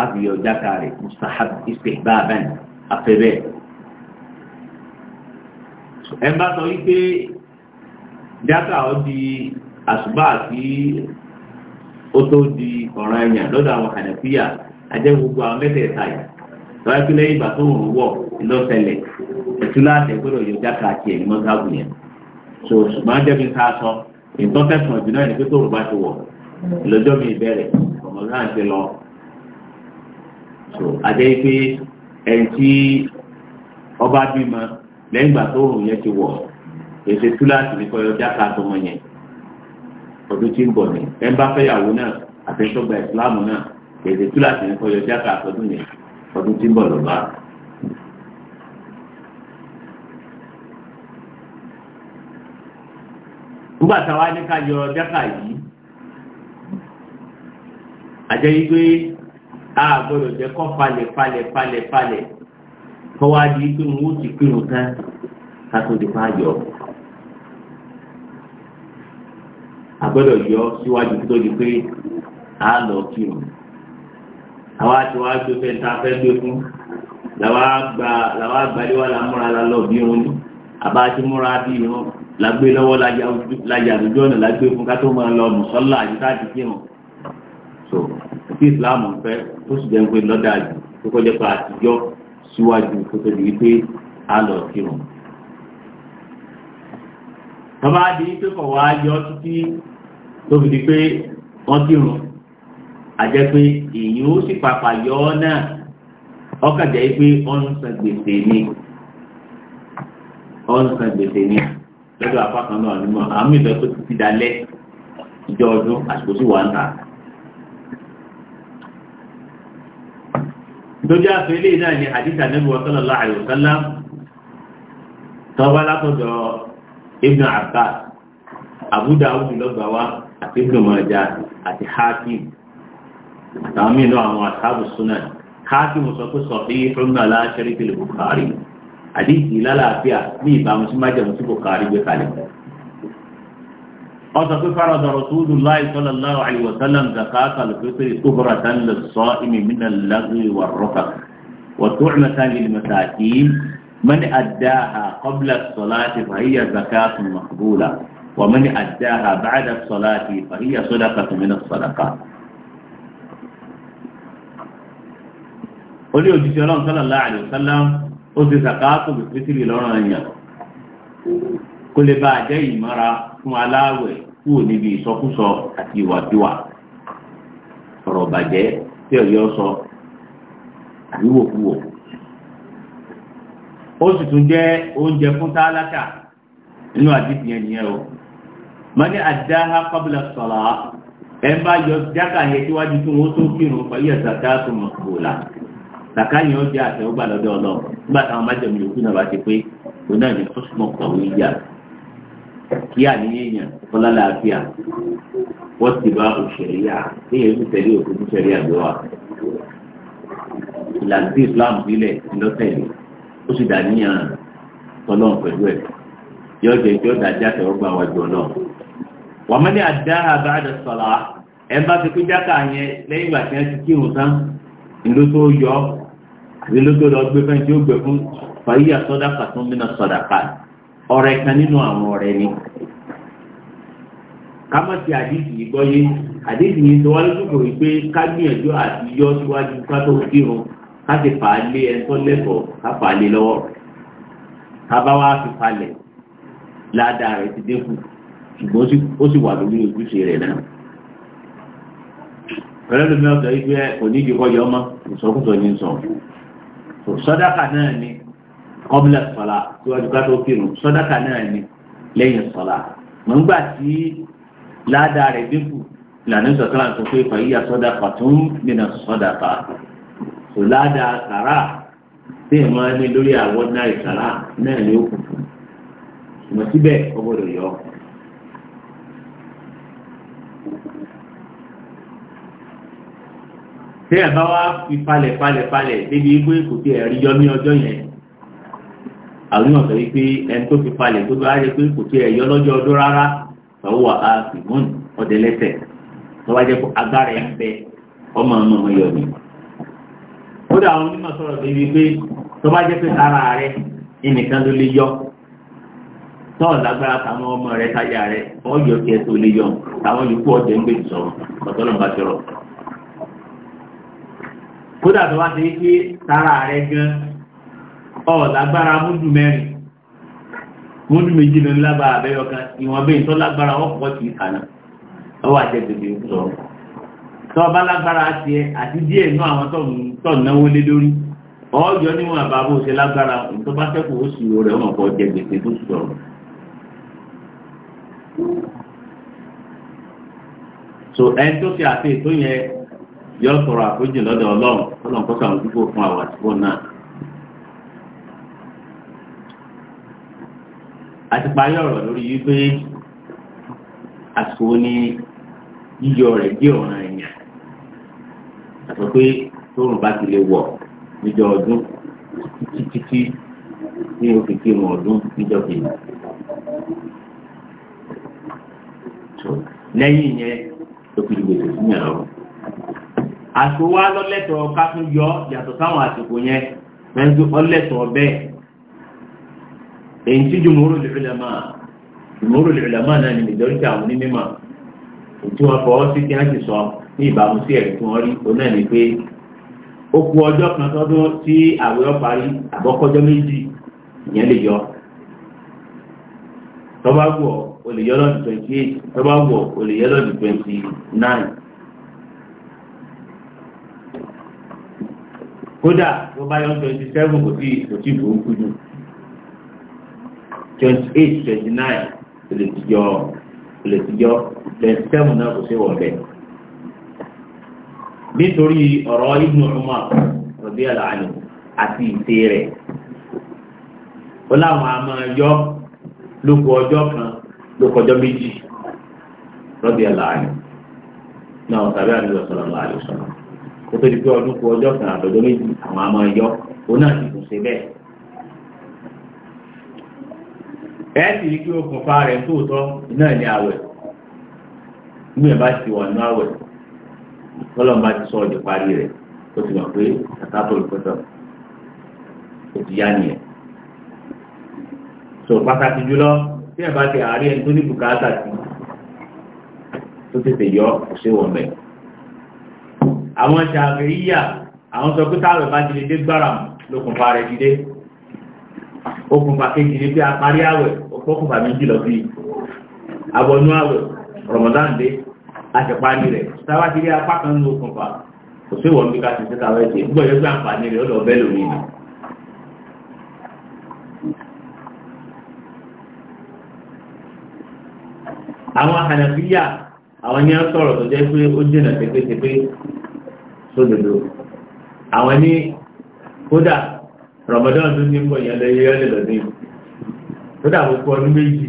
àfi yọ jáka rẹ̀ mustahab ife bá a bẹ́ẹ̀ afẹ́ bẹ́ẹ̀ ẹ bá sọ wípé jáka ọ di àṣùbà àti ó tó di ọ̀ràn ẹ̀yàn lọ́dọ̀ àwọn hànàfíà ajẹ́ gbogbo àwọn mẹ́tẹ̀ẹ̀ta yìí lọ́wọ́ ìgbà tó ń wọ̀ lọ́sẹ̀lẹ̀ ẹ̀tú láti yóò já káàkiri ẹ̀yìn mọ́sáàbù yẹn so ṣùgbọ́n jẹ́bi sọ nǹkan fẹ́sùn náà ní pé bá ti wọ̀ lọ́jọ́ mi ọmọ náà ti lọ so ajẹ́ pé ẹni ọba bímọ lẹ́yìn ìgbà yẹn ti wọ̀ yẹn ọdún tí ń bọ̀ ní ẹ àfẹsọgbà ìsìláàmù náà èdè kíláàsì ní kọyọ jáka àtọdún yẹn ọdún tí ń bọ̀ lọ́la. nígbà táwa ní ká yọ jáka yìí àjẹ́ yí pé a gbọ́dọ̀ jẹ́ kọ́ falẹ̀ falẹ̀ falẹ̀ falẹ̀ kọ́wá di pé wọ́n ti kírun tán ká tó di pa yọ. a gbọ́dọ̀ yọ síwájú tó di pé a lọ kírun àwa ti wá gbé fẹ́ ta fẹ́ gbé fún làwa gba làwa gbalẹ́wà la múra la lọ bí irun ní àbá ti múra bí irun la gbé lọ́wọ́ lajà àdújọ́ ọ̀nà la gbé fún ká tó lọ mùsọ́lá àti tá a ti kírun so tí Islam fẹ́ tó sì jẹ́ pé lọ́dà jù tó kọjá pé àtijọ́ síwájú tó tó di wípé a lọ kírun tọ́ba di pé kọ̀ wá yọ títí tó fi di pé wọ́n kírun àjẹ́ pé èyí ó sì pàpà yọ ọ́ náà ọkàjẹ́ pé ọ̀n san gbèsè ni ọ̀n san gbèsè ni lọ́dọ̀ apákan náà nímọ̀ àmì ìfẹ́ tó ti dalẹ̀ ìjọ ọdún àsìkò sí wàá ń ta. lójú àfẹ́ náà ni àdìsá nẹ́bí wọn sallallahu alaihi wasallam tọ́ba látọ̀dọ̀ Ibn Abbas Abu Dawud lọ́gbàá wa àti Ibn Majah àti Hakim. تامين رواه أصحاب السنة خاتم سكو صحيح من لا شريك البخاري حديث لا لا فيا مي بامس ما جمس البخاري بخاري أصدق فرض رسول الله صلى الله عليه وسلم زكاة الفطر طهرة للصائم من اللغو والرفق وتعمة للمساكين من أداها قبل الصلاة فهي زكاة مقبولة ومن أداها بعد الصلاة فهي صدقة من الصدقات olè òjíṣẹ́ ọlọ́run sallallahu alaihi wasallam ó ti sàkáàtò bìtìrì lọ́rùn ẹ̀yàn kó lè bá àjẹ́ ìmọ́ra fún aláwẹ̀ kúrò níbi ìsọkúsọ àti ìwàkiwà ọ̀rọ̀ bàjẹ́ tí ọ̀yọ́ sọ àríwòkúwò ó sì tún jẹ́ oúnjẹ fún tálákà nínú àdìsí yẹn nìyẹn o mọ àdáhà qabla salat ẹ bá yọ jákà síwájú tí wọn tó kírun pẹ̀lú ẹ̀sà dáàtò mọ̀kúrò kàkáyìn ó jẹ́ àtẹ̀wọ́gbà lọ́dọ̀ ọlọ́ nígbà táwọn májèmí yòókù náà bá ti pé kò náà ní kó súnmọ́ kọ̀wé kí àníyàn fọlá làáfíà wọ́n ti bá òṣèré yà kéèyàn ń tẹ̀lé òkú ní sẹ́rí àgbẹ̀wà ìlànà tí Islam sílẹ̀ lọ́tẹ̀lẹ̀ ó sì dàníyàn tọ́lọ́n pẹ̀lú ẹ̀ yóò jẹ́ kí ó dájá àtẹ̀wọ́gbà wájú àdá àbáàdà sọ̀rọ̀ bá yẹn lẹ́yìn ìgbà tí wọ́n ti kírun tán ìlú tó yọ ìlógódò ọgbẹ́ fẹ́ tí ó gbẹ fún fàyíyà sọ́dáka tó ń bínà sọ̀dàkà ọ̀rẹ́ kan nínú àwọn ọ̀rẹ́ ni. kámọ́tì àdéhùn yìí gbọ́ yé àdéhùn yìí tó wá lójúkò wípé ká gbìyànjú àti yọ síwájú ká tó kírun ká ti fà á lé ẹtọ́ lẹ́kọ̀ọ́ ká fà á lé lọ́wọ́ ká bá wá fi falẹ̀ ládàá rẹ̀ ti dínkù ṣùgbọ́n ó sì wà lórí ojúṣe rẹ̀ náà pẹ̀lú mi ọ̀sẹ̀ yìí pé kò ní ìdíkọ́ yọ ọmọ ìsọkúsọ ní sọ so sọ́dáka náà ni kọ́bílẹ̀ sọ́lá tí ká tó kírun sọ́dáka náà ni lẹ́yìn sọ́lá mọ̀ nígbà tí ládàá rẹ̀ dínkù ìlànà tó pé fàyíyà sọ́dáka tó ń gbìnà sọ́dáka so ládàá sàrà tí ì máa ní lórí àwọn náà ìsàrà náà ni ó kù fún ìmọ̀ tí ẹ̀ bá wá fi palẹ̀ palẹ̀ palẹ̀ débi pé kò tí ẹ̀ rí yọ ní ọjọ́ yẹn àwọn èèyàn sọ wípé ẹni tó fi palẹ̀ tó bá yẹ pé kò tí ẹ̀ yọ lọ́jọ́ ọdún rárá tọ́wọ́ wà á sì mọ́n ọdẹ lẹ́sẹ̀ tó bá jẹ́ pé agbára ẹ̀ ń bẹ ọmọ ọmọ ọmọ yọ ni. kódà àwọn onímọ̀ sọ̀rọ̀ débi pé tó bá jẹ́ pé tara rẹ ẹnìkan ló lè yọ tọ́ọ̀ lágbára táwọn ọmọ rẹ táyà rẹ ọ̀yọ́ kẹ́ẹ́ tó lè yọ táwọn yòókù ọ̀jẹ̀ ń gbèsè sọ̀rọ̀ ọ̀tọ́lọ́mọba sọ̀rọ̀ kódà tó wá ti rí pé tara rẹ gan ọ̀lágbára múdù mẹ́rin múdù méjì ló ń lábára abẹ́yọ kan ìwọ̀n bẹ́ẹ̀ tó lágbára ọ̀pọ̀ ti kànáà ọwọ́ àjẹgbègbè òkúrọ̀ tó bá lágbára ti ẹ àti díẹ̀ nú àwọn tó náwó lé lórí ọjọ́ níwọ̀n àbábò ṣe lágbára tó bá fẹ́ kó o sì rẹ̀ ọmọ pọ̀ jẹ gbèsè tó sọ̀rọ̀ so ẹni tó fi àfihàn tó yẹ yọ sọ̀rọ̀ àforíjì lọ́dọ̀ ọlọ́run ọlọ́run kọ́sọ̀ àwọn dúpọ̀ fún àwọn àtìkọ́ náà. àti parí ọ̀rọ̀ lórí wípé àsìkò ni yíyọ rẹ̀ jẹ́ ọ̀ràn èèyàn àti pé tóun bá ti lè wọ̀ níjọ ọdún títí ní oṣù kírun ọdún níjọ kejì. lẹ́yìn yẹn ló fi gbèsè sí ìyàrá àsìkò wa lọ́lẹ́tọ̀ọ́ ká tún yọ yàtọ̀ sáwọn àsìkò yẹn lẹ́nu ọlẹ́tọ̀ọ́ bẹ́ẹ̀ èyí tí jùmọ̀rò lùlẹ̀mà náà ni àwọn onímọ̀ tí wọ́n sí kí sọ ní ìbámu sí ẹ̀rí náà ni pé ó ku ọjọ́ kan tọ́dún tí àwẹ̀ ọ àbọ́kọ́jọ́ méjì ìyẹn lè yọ twenty eight o twenty nine. kódà tó bá yọ twenty seven kò tí kò tí burú kú jù twenty eight twenty nine kò lè ti jọ kò lè ti jọ seven náà kò sí wọ̀lẹ̀. nítorí ọ̀rọ̀ Ibn Umar radiyallahu anhu àti ìṣe rẹ̀ ó láwọn a máa yọ lóko ọjọ́ kan lóko ọjọ́ méjì radiyallahu anhu náà tàbí àdúrà sallallahu alaihi wasallam kó tó di pé ọdún kù ọjọ́ kan àtọ́jọ́ méjì àwọn àmọ́ ẹyọ òun náà sì kùn sí bẹ́ẹ̀. ẹ sì rí kí okùnfà rẹ̀ tóòtọ́ náà ní àwẹ̀ nígbà bá ti wà nínú àwẹ̀ kọ́lọ́mbà ti sọ ọ̀dẹ̀ parí rẹ̀ ó ti mọ̀ pé àtàtò olùkọ́tọ̀ ó ti yá nìyẹn. sọ pàtàkì jùlọ tí ẹ bá ti àárẹ̀ ẹni tó ní bùkátà sí tó tètè yọ ọ̀ṣẹ́ wọ̀n mẹ́rin àwọn ṣàfihíyà àwọn sọ pé táwẹ̀ bá ti lè dé gbára lókùnfà rẹ̀ dídé okùnfà kejì ní pé apárí àwẹ̀ okùnfà méjì lọ sí abọnú àwẹ̀ Ramadan dé àṣẹpáni rẹ̀ táwa ti rí apá kan ní okùnfà kò sí ìwọ̀n bí ká ti tẹ́ta wẹ́ ṣe gbọ́dọ̀ gbé àǹfààní rẹ̀ ọ̀dọ̀ ọ̀bẹ́ lómi sódodo àwọn ní kódà Ramadan tó ní ń bọ̀ yẹn lọ lọ́dún kódà gbogbo ọdún méjì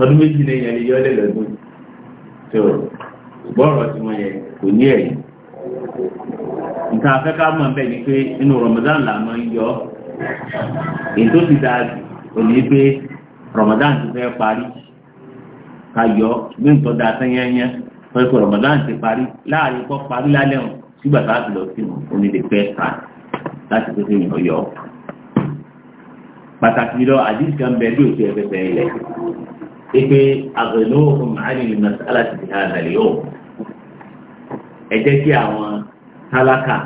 ọdún méjì lè yẹn lọ́dún tó tí wọ́n yẹ kò ní ẹ̀yìn nǹkan afẹ́ká mọ̀ bẹ́ẹ̀ ni pé inú Ramadan ń yọ ti dáa pé Ramadan ti fẹ́ parí yọ nǹkan sẹ́yẹ́yẹ́ Ramadan ti parí láàrin kọ́ parí sígbà tá a ti lọ sí wọn ní the first time láti tó sí ìyàn yọ. pàtàkì jùlọ àdìsí kan bẹ bí òkè ẹgbẹ́ bẹ́ẹ̀ lẹ̀ pé àgbẹ̀ló ọmọ àdìrí masala ti ha àdàlẹ́ yọ. ẹ jẹ́ kí àwọn tálákà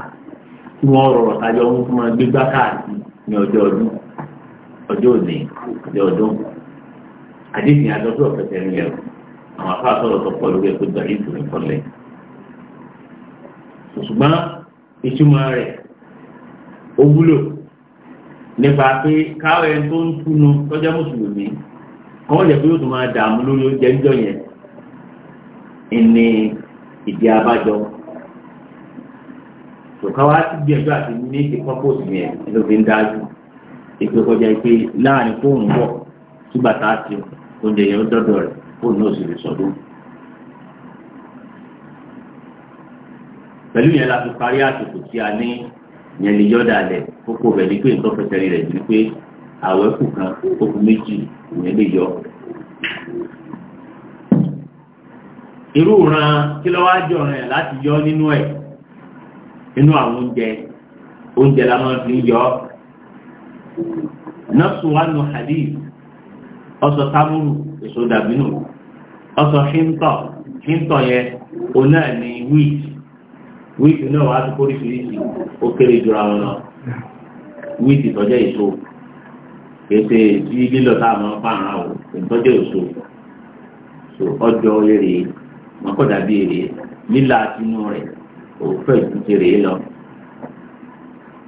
tí wọ́n rọrọ̀ tájọ́ ń fún wọn gbígbá káàkiri ní ọjọ́ ọdún ọjọ́ òní ní ọdún àdìsí àdọ́tọ̀ ọ̀fẹ́ tẹ̀lé ẹ̀rọ àwọn afáàtọ̀ ọ̀tọ̀ pọ̀ lórí ẹ̀kọ́ gbà yìí tó ń kọ́lẹ̀ yìí ṣùgbọ́n ìtumọ̀ rẹ̀ ó wúlò nípa pé káwẹ̀ tó ń túnu tọ́jọ́ mùsùlùmí kọ́ jẹ́ pé yóò tún máa dààmú lórí oúnjẹ ń jọ yẹn ìní ìdí abájọ tòkáwá ti gbìyànjú àti ní ti pọ́pọ́ sí yẹn ló fi ń dájú ètò kọjá pé láàrin fóònù wọ̀ túbàtà àti oúnjẹ yẹn ó dọ́dọ̀ rẹ̀ fóònù náà sì lè sọdún. pẹ̀lú yẹn la fi parí àsìkò tí a ní yẹn ní yọ́dà lẹ̀ kókó rẹ̀ ní pé nǹkan fẹsẹ̀rí rẹ̀ ní pé àwẹ̀ kù kan kókó méjì ìyẹn lè yọ. irú ran kí lọ́wọ́ àjọ rẹ̀ láti yọ nínú ẹ̀ nínú àwọn oúnjẹ oúnjẹ la máa fi yọ. nọ́ọ̀sù wa nù hadith ọ̀sọ̀ tábùrù èso dàbínú ọ̀sọ̀ híntọ̀ híntọ̀ yẹn òun náà ní wíìtì wíìtì náà wàá ti kórìkìrìsì ó kéré jura wọn lọ wíìtì tọ́jẹ́ èso kété tí lílọ tá a máa ń fàràn o ìtọ́jẹ́ èso so ọjọ́ eré mọ́kọ́dà bíi eré lílà tinú rẹ̀ òfẹ́ ìtútèrè lọ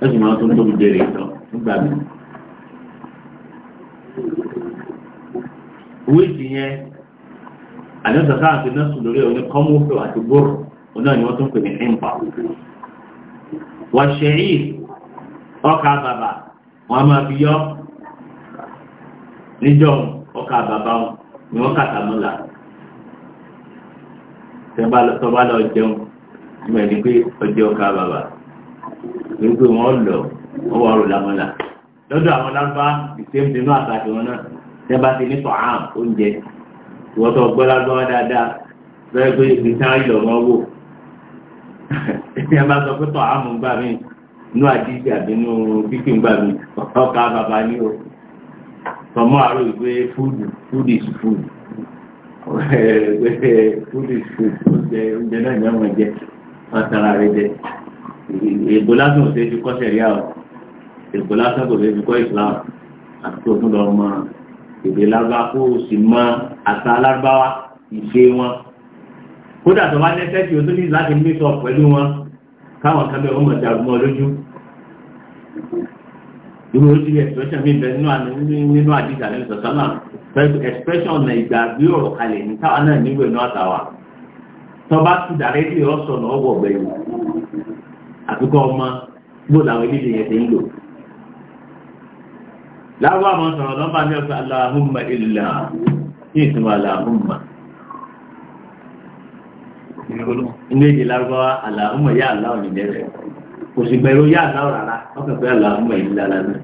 ẹ̀sùn máa tó ń tóbi jèrè lọ nígbà mi. wíìtì yẹn àdéhùn sàkáàtì náà sùn lórí ẹ̀ oní kọ́mọ́fẹ́ àti gbòòrò náà ni wọ́n tún pè ní ẹ̀ǹpà wọ́n ṣe yìí ọkà bàbà wọ́n máa fi yọ́ níjọ́ ọkà bàbá wọn ni wọ́n kàtà múlà tọ́ba lọ jẹun ìmọ̀ ẹni pé ọjọ́ ọkà bàbà wípé wọ́n lọ wọ́n wọ́n rò lámúlà lọ́dọ̀ àwọn lábá ìsèm nínú àtàkì wọn náà tí ti ní sọ̀hán oúnjẹ ìwọ́tọ̀ gbọ́lá gbọ́ dáadáa lọ́yẹ́ pé ìgbésẹ̀ ayọ̀ wọn wò èèyàn bá sọ pé tọ̀ àmú gbà mí inú àdíjì àbí inú bíkì gbà mí ọkà bàbá ní o tọmọ àrò ìgbé fúdù fúdù is food fúdù is food oúnjẹ náà ní ọmọ jẹ ọ̀sára rẹ jẹ ègbò lásán kò sí kọ́ sẹ̀ríà o ègbò lásán kò sí kọ́ Islam àti òfin lọ́mọ èdè lágbá kó o sì mọ àṣà ìṣe wọn kódà tó bá lẹ́sẹ̀ tí o tó ní láti mix up pẹ̀lú wọn káwọn kan bẹ ọmọ ìdàgbọ́ lójú irú oṣù expression mi bẹ nínú àdìsí àlẹ́ ìsọ̀sánà expression ọ̀nà ìgbàgbé ọ̀rọ̀ kalẹ̀ ní táwọn náà níwò iná àtàwà tó bá tún dàrẹ́ sí ọ̀sọ̀ náà wọ̀ gbẹ̀yìn àfikọ́ ọmọ gbọ́dọ̀ àwọn eléyìí yẹn ti ń lò láwọn àmọ́ sọ̀rọ̀ lọ́ba ní ọ̀sán aláhùnmá ìlà ní ìtumọ̀ aláhùnmá inú èdè lárúbáwá àlàáhùmọ̀ yá aláwọ̀ ní lẹ́rẹ̀ kò sì gbẹ̀rù yá aláwọ̀ rárá ọkàn pé àlàáhùmọ̀ yìí lára ní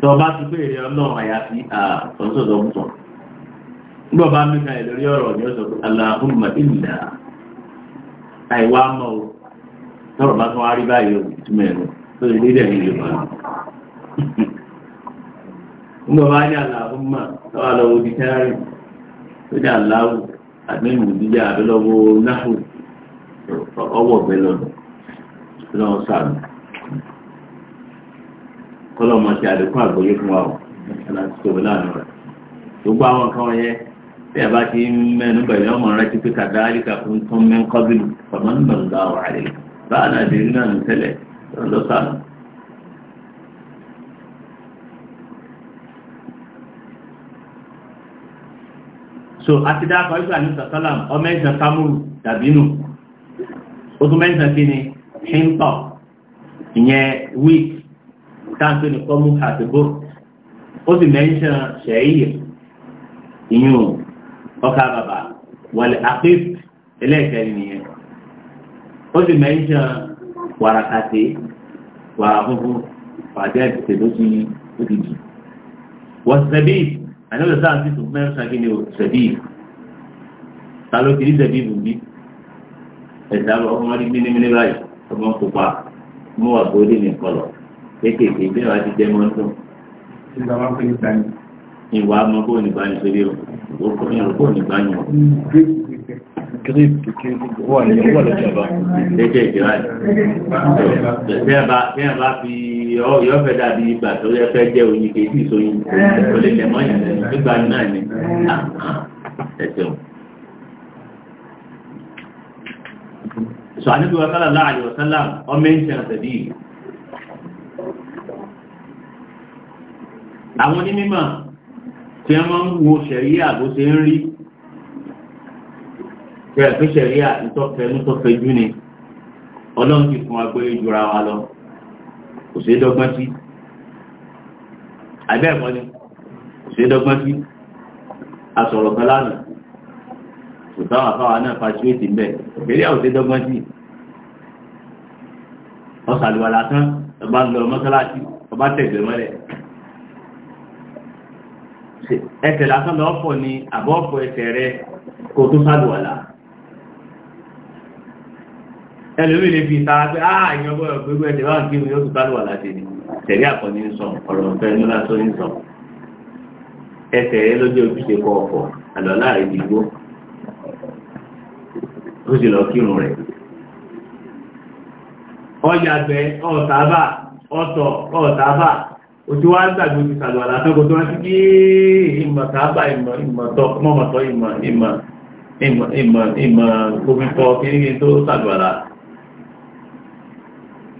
tọ́ bá ti pé èrè ọlọ́run àyàfi àtọ̀sọ̀tọ̀ mú tán nígbà bá mẹ́ta ẹ̀ lórí ọ̀rọ̀ ni ó sọ pé àlàáhùmọ̀ ìlà àìwá mọ́ o tọ́rọ̀ bá tún wá rí báyìí o ní Yorùbá nígbà bá lọ́wọ́ di tẹ́rẹ̀ tó dé àláwù àbẹ́mù dídá abẹ́lọ́wọ́ náhù ọwọ́ bẹ́lọ́nù lọ́wọ́ sàánù kọ́lọ́mọ ti àdékù àgbọ́yé fún wa láti tóbi láàánú rẹ̀ gbogbo àwọn bí a bá ti ń mẹ́nu bẹ̀rẹ̀ ọmọ rẹ ti pé kàdá àríkà fún tó ń mẹ́ ń kọ́bìlù pàmò ń báà náà dé nínú àná tẹ́lẹ̀ lọ́sàánù. so àti dákọ̀ ìgbà ní sàtọ́làm ọmọ ẹ̀sàn kamuru dàbínú ó tún mẹ́sàn kí ni hinpọ̀ ìyẹn wheat táǹtó ní kọ́mú àtìbó ó sì mẹ́sàn ṣẹ̀yìn ìyún ọkà bàbà wàlẹ̀ àkíf ẹlẹ́ẹ̀kẹ́rin nìyẹn ó sì mẹ́sàn wàràkàtì wàrà funfun pàdé àti tèlósì ó ti jù wọ́n sẹ́bíì àníwòsàn sáà sì tún mẹ́rin kí ni o ṣẹ̀bí ta ló ti rí ṣẹ̀bí ìbù bí ẹ̀sẹ̀ àbọ̀ ọmọ rí bí níbi níbàyí ọmọ pupa mú wà bó dé nìkan lọ kéékèèké bí wàá ti jẹ́ mọ́ ń dùn. ìwà ọmọ kò ní bá sórí o ìwà ọmọ ní bá ní o. التكريم تكريم هو هو الإجابة bẹ́ẹ̀ bá bẹ́ẹ̀ bá fi yọ fẹ́ dàbí ìgbà tó yẹ fẹ́ jẹ́ oyin kejì sóyin kò lè lẹ̀ mọ́yìn nígbà náà ni ẹ̀sẹ̀wọ̀n. sọ àníbi wa sálà láàyè wa sálà ọmọ ẹ̀ ń ṣẹ̀rẹ̀ tẹ̀lé yìí. àwọn onímọ̀ tí wọ́n máa ń wo ṣẹ̀rí àbó ṣe ń rí bẹ́ẹ̀ pé sẹ̀ríà ìtọ́fẹ́nu tó fẹjú ni ọlọ́run ti fún wa pé jura wa lọ kò sí dọ́gbọ́n sí àbẹ́ ẹ̀kọ́ ni kò sí dọ́gbọ́n sí asọ̀rọ̀ kan lánàá kò táwọn afáwa náà fàṣíwèsì mbẹ sẹ̀ríà kò sí dọ́gbọ́n sí ọ̀sàlùwà lásán ọba ń lọ mọ́sálásí ọba tẹ̀gbẹ́ mọ́lẹ̀ ẹsẹ̀ lásán lọ́ọ̀fọ̀ ni àbọ̀ọ̀fọ̀ ẹsẹ̀ rẹ kò tó sàlùwà lásán ẹlòmí lè fi ìtara pé ah ìyàn bọ̀ gbogbo ẹ̀jẹ̀ wà ń gbé mi yóò tún kálùwà láti ní tẹ̀lé àkọ́ni ń sọ ọ̀rọ̀ ọ̀fẹ́ ní lásọ ń sọ ẹsẹ̀ rẹ lójú ojúṣe kọ ọ̀fọ̀ àlọ́lá ìdìgbò ó sì lọ kírun rẹ̀ ọ̀yàgbẹ́ ọ̀tábà ọ̀tọ̀ ọ̀tábà òtí wá ń gbàgbé ti sàlùwà lásán kò tó wá sí kí ìmọ̀ tábà ìmọ̀ ìmọ̀tọ́ mọ̀mọ̀tọ́ ìmọ̀ ìmọ̀ ìmọ̀ ìmọ̀ gómìnkọ́ kí ní tó sàlùwà lásán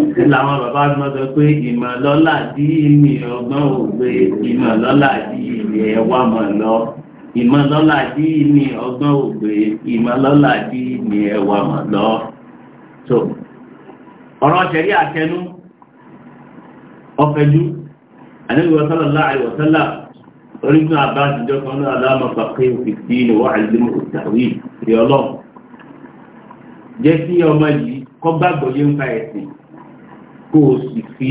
Ìdí làwọn bàbá gbọ́n sọ pé ìmọ̀ lọ́lá dí ìmì ọgbọ́n ò ìmọ̀ lọ́lá dí ìmì ẹ̀wà mọ̀ lọ. Ìmọ̀ lọ́lá dí ìmì ọgbọ́n ò ìmọ̀ lọ́lá dí ìmì ẹ̀wà mọ̀ lọ. So, ọ̀rọ̀ ṣẹ̀rí ọ̀fẹ́jú, sọ́lọ̀ orígun àbá àtijọ́ kan náà òfìsí òtàwí Jẹ́ ọmọ yìí kọ́ gbàgbọ́ yé ń pa ẹ̀sìn kó o sì fi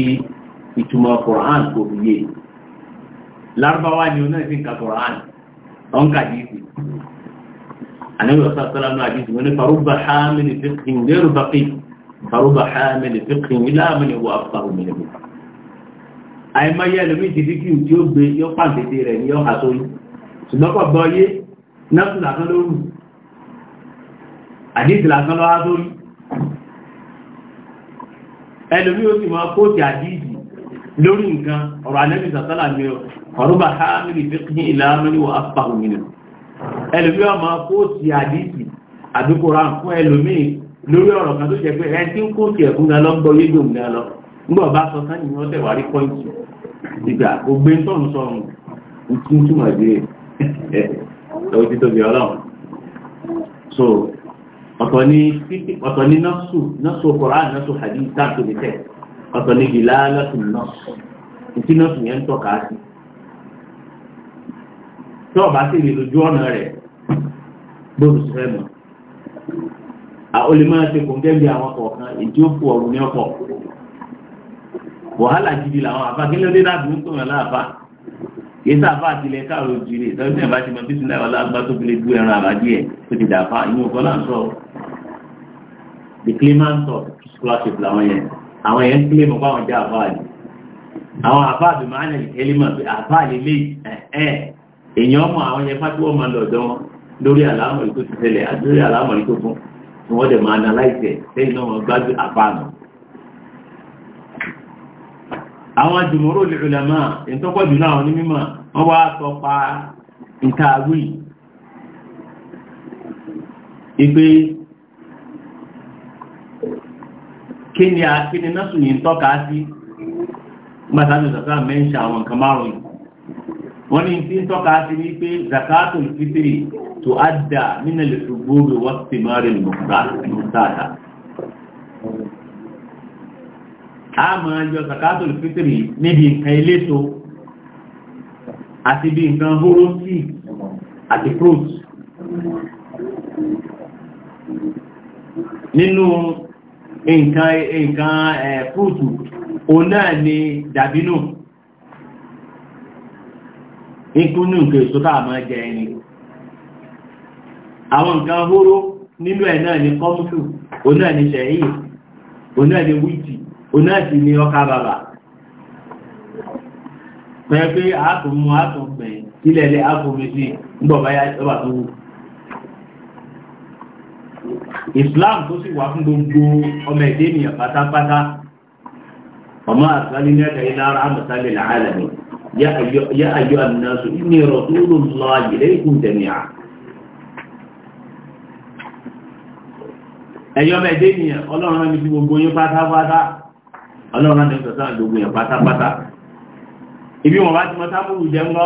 ìtumọ̀ Quran kò fi yé lárúbáwá ni o náà sì ń ka Quran ọ̀n ka dì í sí anabi wa sasala nu hadisi wani faruba hamili fiqhin gairu baqi faruba hamili fiqhin ila mani wa afsahu min ibu àìmọye ẹlòmíì ti díkì tí ó gbé yọ pàǹtẹ̀tẹ̀ rẹ̀ ní ọ̀hà sórí ṣùgbọ́n pọ̀ gbọ́ yé nọ́ọ̀sì làkán ló rù àdìsí làkán lọ́wọ́ sórí ẹlòmí ó sì máa kóòtì àdíìdì lórí nǹkan ọ̀rọ̀ anẹ́bí sàtálà mi ọ̀rọ̀bà hamili fíkí ìlàmẹ́lì wà ápàhùnmìnà ẹlòmí ó máa kóòtì àdíìdì àdúkòrá fún ẹlòmí lórí ọ̀rọ̀ kan tó jẹ́ pé ẹ tí ń kóòtì ẹ̀kún gan lọ́gbọ́ yégbò mi gan nígbà bá sọ sáyìn wọn tẹ̀wà rí pọ́ǹtì ìgbà ògbé tọ́run sọrun ìtúntúmọ̀ ìbéèrè ẹ̀ ọ̀tọ̀ ní ọ̀tọ̀ ní nọ́ọ̀sù nọ́ọ̀sù koran nọ́ọ̀sù hadith táàtò lè tẹ̀ ọ̀tọ̀ ní ìlà lọ́sùn nọ́ọ̀sù ìtí nọ́ọ̀sù yẹn ń tọ́ka sí tí ọba sì lè lójú ọ̀nà rẹ̀ gbóòrò sí fẹ́ mọ̀ ó lè máa ṣe kòńgẹ́ bí àwọn kọ̀ọ̀kan èdè ó fò ọ̀rùn ní ọkọ̀ wàhálà gidi làwọn àfa kí ló dé láàbù ń tòun láàfáà yéésà bá tilẹ̀ káàró jìnnì tọ́jú ẹ̀ bá ti mọ bísílẹ̀ ọlá gbá tó fi lè du ẹran àbájí ẹ̀ tó ti dàfa inú ọkọ náà sọ the claimant of scholarship làwọn yẹn àwọn yẹn ń claim ọkọ àwọn jẹ́ àfáàlì àwọn àfáàlì máa ń yẹn ẹlẹ́mọ̀ pé àfáàlì lè ẹ̀ èèyàn mọ àwọn yẹn fásiwọ́ máa lọ dán lórí àlámọ̀rí tó ti ṣẹlẹ̀ àti lórí àlámọ̀rí tó fún wọn dẹ̀ máa analyze ẹ̀ sẹ́yìn náà wọn gbájú àfáàlì àwọn jùmọ̀rò lèlùmọ̀ ìtọ́pọ̀ jù náà ní mímọ̀ wọ́n wá sọ pa nǹkan àwí ìpé kí ni àkíní násù yìí tọ́ka sí gbàtàjù zaka mẹ́ṣà àwọn nǹkan márùn-ún wọ́n ní tí tọ́ka sí ní pé zakatul fitri tó ádà nínú lè a máa yọ zakatul fitri níbi nǹkan eléso àti bí nǹkan hóró sí àti fruit nínú nǹkan nǹkan fruit o náà ni dàbínú ikúnú nǹkan èso tàà máa jẹ ẹni àwọn nǹkan hóró nínú ẹ̀ náà ni kọ́mùsù o náà ni ṣẹ̀yìn o náà ni wíìtì òun náà sì ni ọkà bàbà pẹ́ pé àátùmú àátùpẹ̀ sílẹ̀ ilé àátùmí sí ńgbọ̀báyá ọba tó wù Islam tó sì wà fún gbogbo ọmọ ẹ̀dẹ́ ènìyàn pátápátá ọmọ àtàlẹ́ ní ara àmọ̀tálẹ̀ làálẹ̀ yá ayọ́ àmìnàṣù ní ìrọ̀túrù lọ àjẹ́lẹ́ ìkún tẹ̀míà ẹ̀yọ́ ọmọ ẹ̀dẹ́ ènìyàn ọlọ́run mi gbogbo yín pátápátá ọlọ́run láti sọ sáà gbogbo yẹn pátápátá ibi wọn bá ti mọ sábúrú jẹ ńlọ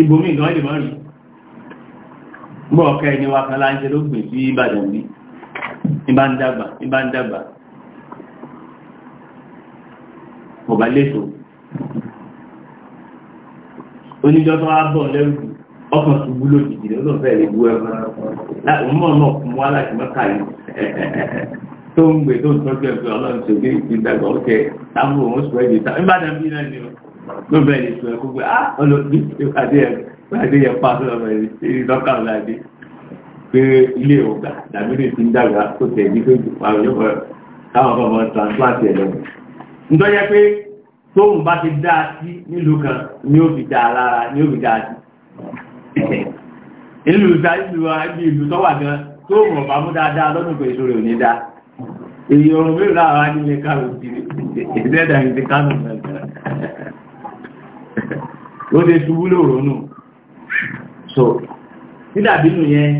ibòmí gan lè mọ́rin bọ́ ọ̀ka ẹni wa kan láńṣe ló gbìn sí ìbàdàn bí ìbá ń dàgbà ìbá ń dàgbà ọba lẹ́tọ̀ọ́ oníjọ́ tó wá bọ̀ lẹ́rù ọkàn ṣubú lójijì lọ́dọ̀ fẹ́ẹ̀ lè wú ẹ̀fọn láti mọ̀ náà fún wa láti mọ́ka yìí tó ń gbé tó ń tọ́jú ẹgbẹ́ ọlọ́run tó gbé ìdàgbà ọ̀kẹ́ táwọn òun sọ èdè táwọn bá dàbí náà ni ó ló bẹ̀rẹ̀ sọ ẹkú pé ah ọlọ́dún adé yẹn pa sọ́dọ̀ bẹ̀rẹ̀ sí lọ́kà ọ̀làdé pé ilé ọ̀gá dàbílẹ̀ ti ń dàgbà tó tẹ̀ ní tó jù pa òyìnbó káwọn bọ̀bọ̀ transplant ẹ̀ lọ́wọ́ ntọ́jẹ́ pé tóun bá ti dáa sí nílùú kan ni ó fi dáa lára ni ó fi dáa sí ìlú ìlú ìlú tó wà gan tóun ọ̀bà mú dáadáa lọ́dún pé ìṣòro ò ní dáa èyí ọ̀rọ̀ mẹ́rin àwọn anílẹ̀ káàrùn ti ìdẹ́dà ìdẹ́ káàrùn mẹ́rin ó lè ṣubú lóòrò nù so nídàbí nù yẹn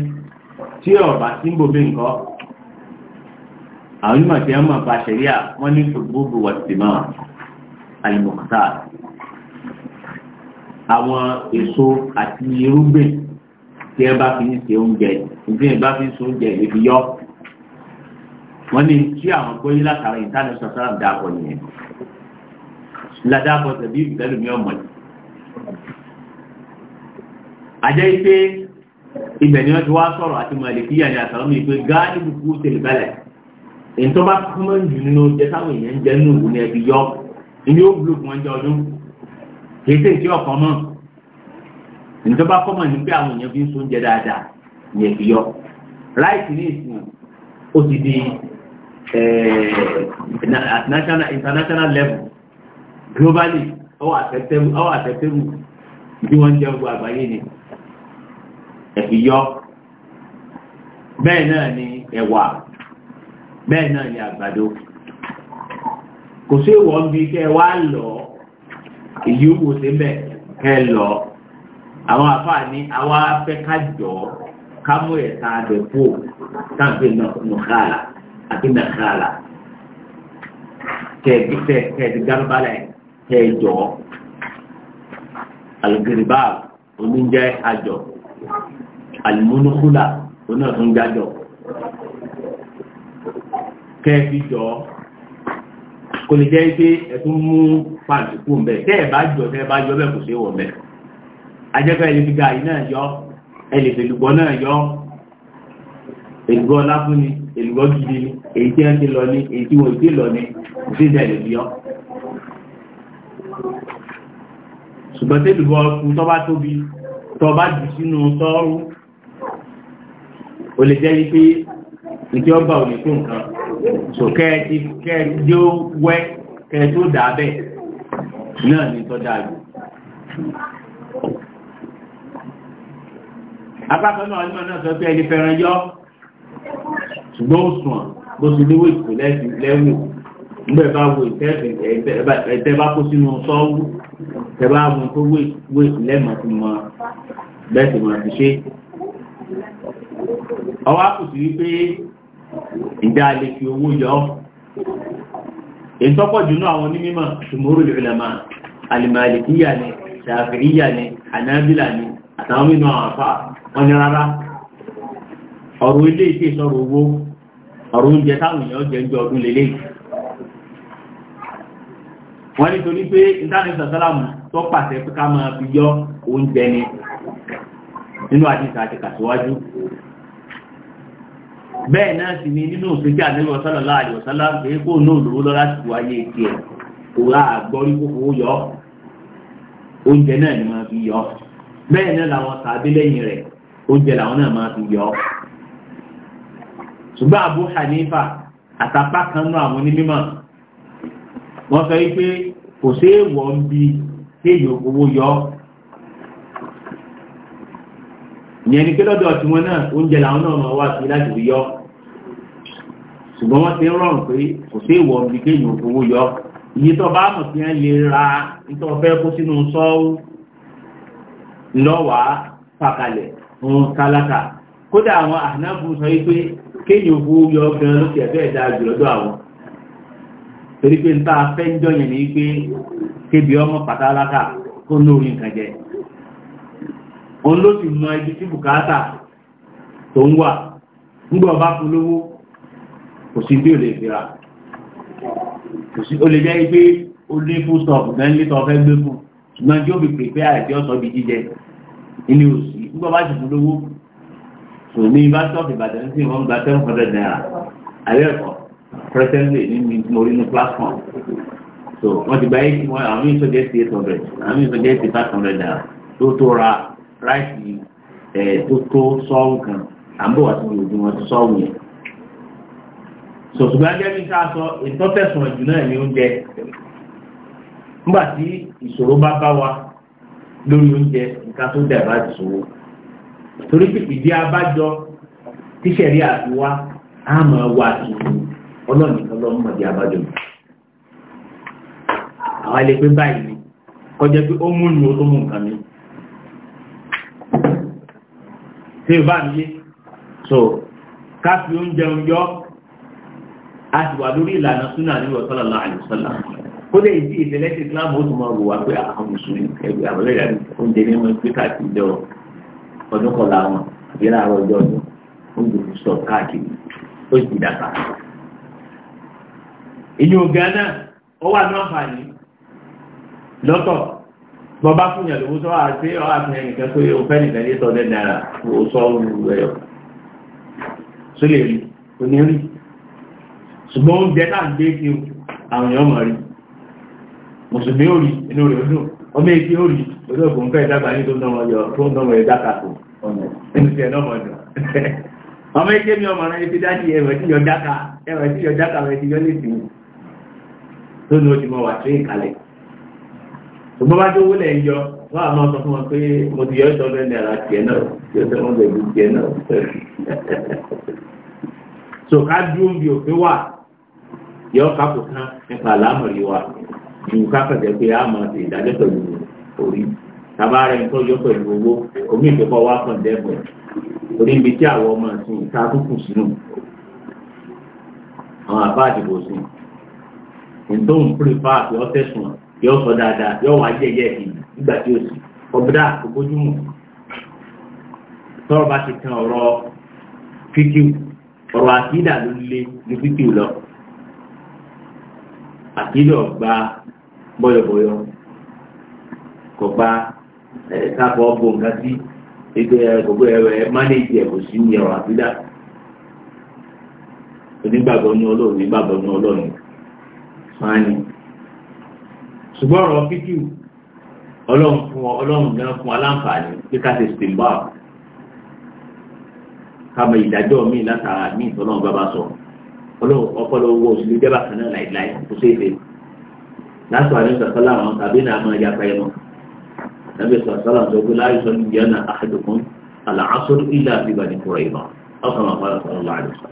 tí ọ̀bà tí ń bobe nǹkan àwọn onímọ̀ tí wọ́n mọ̀ bá ṣẹ̀ríà wọ́n ní gbogbo wà sí mọ́ alimọ̀kútà àwọn èso àti irúgbìn tí ẹ bá fi ń ṣe oúnjẹ ìdí ẹ bá fi ń ṣe oúnjẹ ìlẹ́fi yọ́ wọ́n ní tí àwọn gbóyè látara ìtàlẹ̀ sọ̀sọ́rọ̀ dàpọ̀ nìyẹn ládàpọ̀ tẹ̀bí ìbẹ̀rù mi ọmọ yìí. àjẹ́ ipe ibẹ̀ ni wọ́n ti wá sọ̀rọ̀ àti màlìkíyà ni àtàwọn mi pé gáàdì bùkú tèlè balẹ̀ ètò bá kọ́mọ̀ jù nínú jẹ táwọn èèyàn jẹ nínú òun ni ẹbí yọ ní ó gbúlò fún ọjọ́ ọdún kìí sí ìtí ọ̀kan mọ́ ètò bá kọ́mọ̀ ní pé àwọn èèyàn fi ń sóúnjẹ dáadáa ni ẹbí yọ láìsí ní ìsìn ó ti di at eh, national international level globally ọwọ́ àtẹ́tẹ́rù bí wọ́n jẹ́ ogun àgbáyé ni ẹ̀fì yọ bẹ́ẹ̀ náà ni ẹ̀wà bẹ́ẹ̀ náà ni àgbàdo kò sí ìwọ̀n bí kẹ́ wá lọ èyí ó wò sí bẹ́ẹ̀ kẹ́ lọ àwọn àfáà ní àwa fẹ́ ká jọ ká mú ẹ̀ta àbẹ̀fò táǹpẹ̀ náà nù káàlà àti nàkàlà kẹ́ẹ̀dì kẹ́ẹ̀dì gárúbálẹ̀ kẹ́ẹ̀jọ́ alùgìrìbá oníjẹ́ àjọ alùmúnúkúlà onátúnjájọ kẹ́ẹ̀fì jọ kò lè jẹ́ pé ẹ̀tún mú pàǹtí kú mbẹ̀ tẹ́ẹ̀ bá jọ tẹ́ẹ̀ bá jọ bẹ́ẹ̀ kò sí wọ̀ mbẹ̀ ajẹ́fẹ́ ẹlẹ́fi gàrí náà yọ ẹlẹ́fẹ́ lùgbọ́ náà yọ èlùgbọ́ láfún ni èlùgbọ́ gidi ni èyí tí wọ́n ti lọ ní èyí tí wọ́n ti lọ ní ìdíjẹ́ lè bí ọ́ ṣùgbọ́n tí ìlúbọ̀ ọkùn tó bá tóbi tó bá jù sínú sọ́ọ́rù o lè jẹ́ wípé ìjọ ọba ò lè tó nǹkan so kẹ́ẹ̀tì kẹ́ẹ̀dí ó wẹ́ kẹ́ẹ̀tì ó dà bẹ́ẹ̀ náà ní tọ́ dáa jù apákan náà ọdún náà sọ pé ẹni fẹ́ràn yọ ṣùgbọ́n ó sùn bó ti léwé ìpò lẹ́wò nígbà bá wo ìtẹ́ bá kó sínú sọ́wọ́ tẹ bá mú tó wé lẹ́mọ̀ tí mọ bẹ́ẹ̀ tí mọ̀ ti ṣe ọwá kù sí wípé ìdá lè fi owó yọ ìtọ́pọ̀ jùlọ àwọn onímọ̀ ṣùgbọ́rò ìrìnàmà alìmọ̀lìkíyà ni ṣàfihíyà ni ànábìlà ni àtàwọn mínú àwọn àfà wọn ni rárá ọ̀rọ̀ ilé ìṣẹ́ ìṣọ́rọ̀ owó ọ̀rọ̀ oúnjẹ táwọn èèyàn jẹ ń jọ ọdún lélẹ́ wọ́n ní pé ìtànìsọ̀ sálàmù tó pàṣẹ pé ká máa fi yọ oúnjẹ ni nínú àdìsá àti kàṣíwájú bẹ́ẹ̀ náà sì ni nínú òṣèké àdébọ̀ sọ́lọ̀lá àdìọ̀sọ́lá pé kó náà lówó lọ láti wá ayé ti ẹ̀ kò rà àgbọ́rí kókó yọ oúnjẹ náà ni máa fi yọ bẹ́ẹ̀ náà làwọn tàbí lẹ́yìn rẹ̀ oúnjẹ làwọn náà máa ṣùgbọ́n Abu Hanifa àtàpá kan náà àwọn onímọ̀ wọ́n sọ wípé kò sí èèwọ̀ ń bi téèyàn owó yọ ìyẹn ni pé lọ́dọ̀ tí wọ́n náà oúnjẹ làwọn náà máa wá sí láti rí yọ ṣùgbọ́n wọ́n ti rọrùn pé kò sí èèwọ̀ ń bi téèyàn owó yọ iye tó bá mọ̀ sí ẹ lè ra nítorí ọ̀fẹ́ kó sínú sọ́ọ́ lọ́wàá pàkalẹ̀ fún tálákà kódà àwọn àhànábù sọ wípé kéèyàn owó yọ gan lókè ẹ̀fẹ́ ẹ̀dá jùlọ́dọ̀ àwọn torí pé ń tá a fẹ́ ń jọyìn ní pé kébi ọmọ pàtàlákà kó lórí nǹkan jẹ òun ló sì mọ ibi tí bùkátà tó ń wà nígbà ọba fún lówó kò sí bí ò lè fira kò sí ó lè jẹ́ pé ó ní fún stop gan lé tọ́ fẹ́ gbé fún ṣùgbọ́n tí ó fi pèpè àìsí ọ̀sọ́ bí jíjẹ ilé òsì nígbà ọba sì fún lówó so ní ibà sọ́ọ̀kì ìbàdàn sí wọ́n gba seven hundred naira àyẹ̀kọ́ presently ní mi mo rí ní platform so wọ́n ti gba eight wọ́n àwọn mí sọ́jẹ́ sí eight hundred àwọn mí sọ́jẹ́ sí five hundred naira tó tó ra ráìsì ẹ̀ tó tó sọ́ọ̀wù kan à ń bọ̀ wá sí ìlú wọn ti sọ́ọ̀wù yẹn so ṣùgbọ́n ajẹ́ mi sáà sọ ìtọ́tẹ̀sùn ẹ̀jù náà ní oúnjẹ nígbà tí ìṣòro bá bá wa lórí oúnjẹ nǹkan tó dẹ̀ bá ti ṣòro torí pé ìdí abájọ tíṣẹ̀rí àti wá á máa wà tù ọlọ́nìkan lọ́mọ ìdí abájọ mi àwọn ilé pé báyìí ni kọjá pé ó mú nu ó tó mú nǹkan mi tí ó bá mi yé so ká fi oúnjẹ oúnjọ a sì wà lórí ìlànà súnà ní ọ̀sán àlọ́ àlùsọ́là ó lè di ìtẹ́lẹ́sì Islam ó tún máa wò wá pé àwọn mùsùlùmí ẹgbẹ́ àbọ̀lẹ́rẹ́ oúnjẹ ní wọn gbé káàkiri jọ ọdún kọlá wọn àbí láàárọ̀ ọjọ́ ọdún ó gbòòrò sọ káàkiri ó sì dàgbà. ìyẹn ògá náà ó wà ní àǹfààní lọ́tọ̀ bọ́bá fún yàn lówó sọ́wọ́ àti ọ́ àfihàn nìkan pé o fẹ́ nìkan ní sọ́dẹ̀ náírà o sọ ohun ẹ̀yọ tó lè rí o ní rí ṣùgbọ́n oúnjẹ náà ń gbé kí àwọn èèyàn mọ̀ rí mùsùlùmí ò rí inú rẹ̀ ó dùn ọmọ èké ó rí pẹ̀lú ọ̀gbọ̀n fẹ́ dábàá ní tó ń dánwọ̀ yọ tó ń dánwọ̀ yọ dákàtò ẹnu tiẹ̀ náà mọ̀jọ. ọmọ èké mi ọmọ rẹ̀ ti dájú ẹ̀rọ tí yọ dáka ẹ̀rọ tí yọ dáka rẹ̀ ti yọ ní ìsìn tó ní o ti mọ wà tó ìkàlẹ̀. ṣùgbọ́n bá tó wúlẹ̀ yọ wọ́n àmọ́ sọ fún wọn pé mo ti yọ ọ́ sọ́dọ̀ náírà tiẹ̀ náà yọ sọ́dọ̀ bẹ̀rù tiẹ̀ náà. sọ̀ká dúró bí òfin wà yọ kápò kan nípa àlámọ̀rí wa. ju kápẹ̀tẹ̀ a máa ṣe ìdájọ́ pẹ̀lú orí tàbá rẹ̀ ń tọ́jọ́ pẹ̀lú owó omi ìfẹ́kọ̀ wá kàn dẹ́gbẹ̀ orí ibi tí àwọn ọmọ ẹ̀sìn ìta kúkú sínú àwọn àbá àdìbò sí ntòun pírífà yọ tẹ̀sùn yọ sọ dáadáa yọ wá jẹ́jẹ́ ìlú nígbà tí ó sì bá ti ọ̀rọ̀ ọ̀rọ̀ àkídà ló lé ní lọ bọ́yọ̀bọ́yọ̀ kò bá káfọ́ bò nǹkan sí ẹgbẹ́ gbogbo ẹ̀rọ ẹ̀ mánéèjì ẹ̀ kò sí ní ọ̀rọ̀ àbídá onígbàgbọ́ ní ọlọ́run onígbàgbọ́ ní ọlọ́run máa ní. ṣùgbọ́n ọ̀rọ̀ fíjù ọlọ́run fún ọlọ́run náà fún aláǹfààní pé ká ṣe stèmbà kàmọ ìdájọ́ míì látara míì tọ́lọ́run bá bá sọ ọlọ́run ọpọlọ owó òṣèlú jẹ́ bàkan náà láìláì kò ṣeé ṣe láti wà ní sọ̀sọ́lá àwọn tàbí náà máa yapa ẹnu nàbí sọ̀sọ́lá tó gbé láyé sọ níbi ọ̀nà àdùkún àlàásọ́rọ̀ ilé àbíbà ní kúrò ìbọn ọkàn máa fara sọ̀rọ̀ lọ́wọ́ àdùkún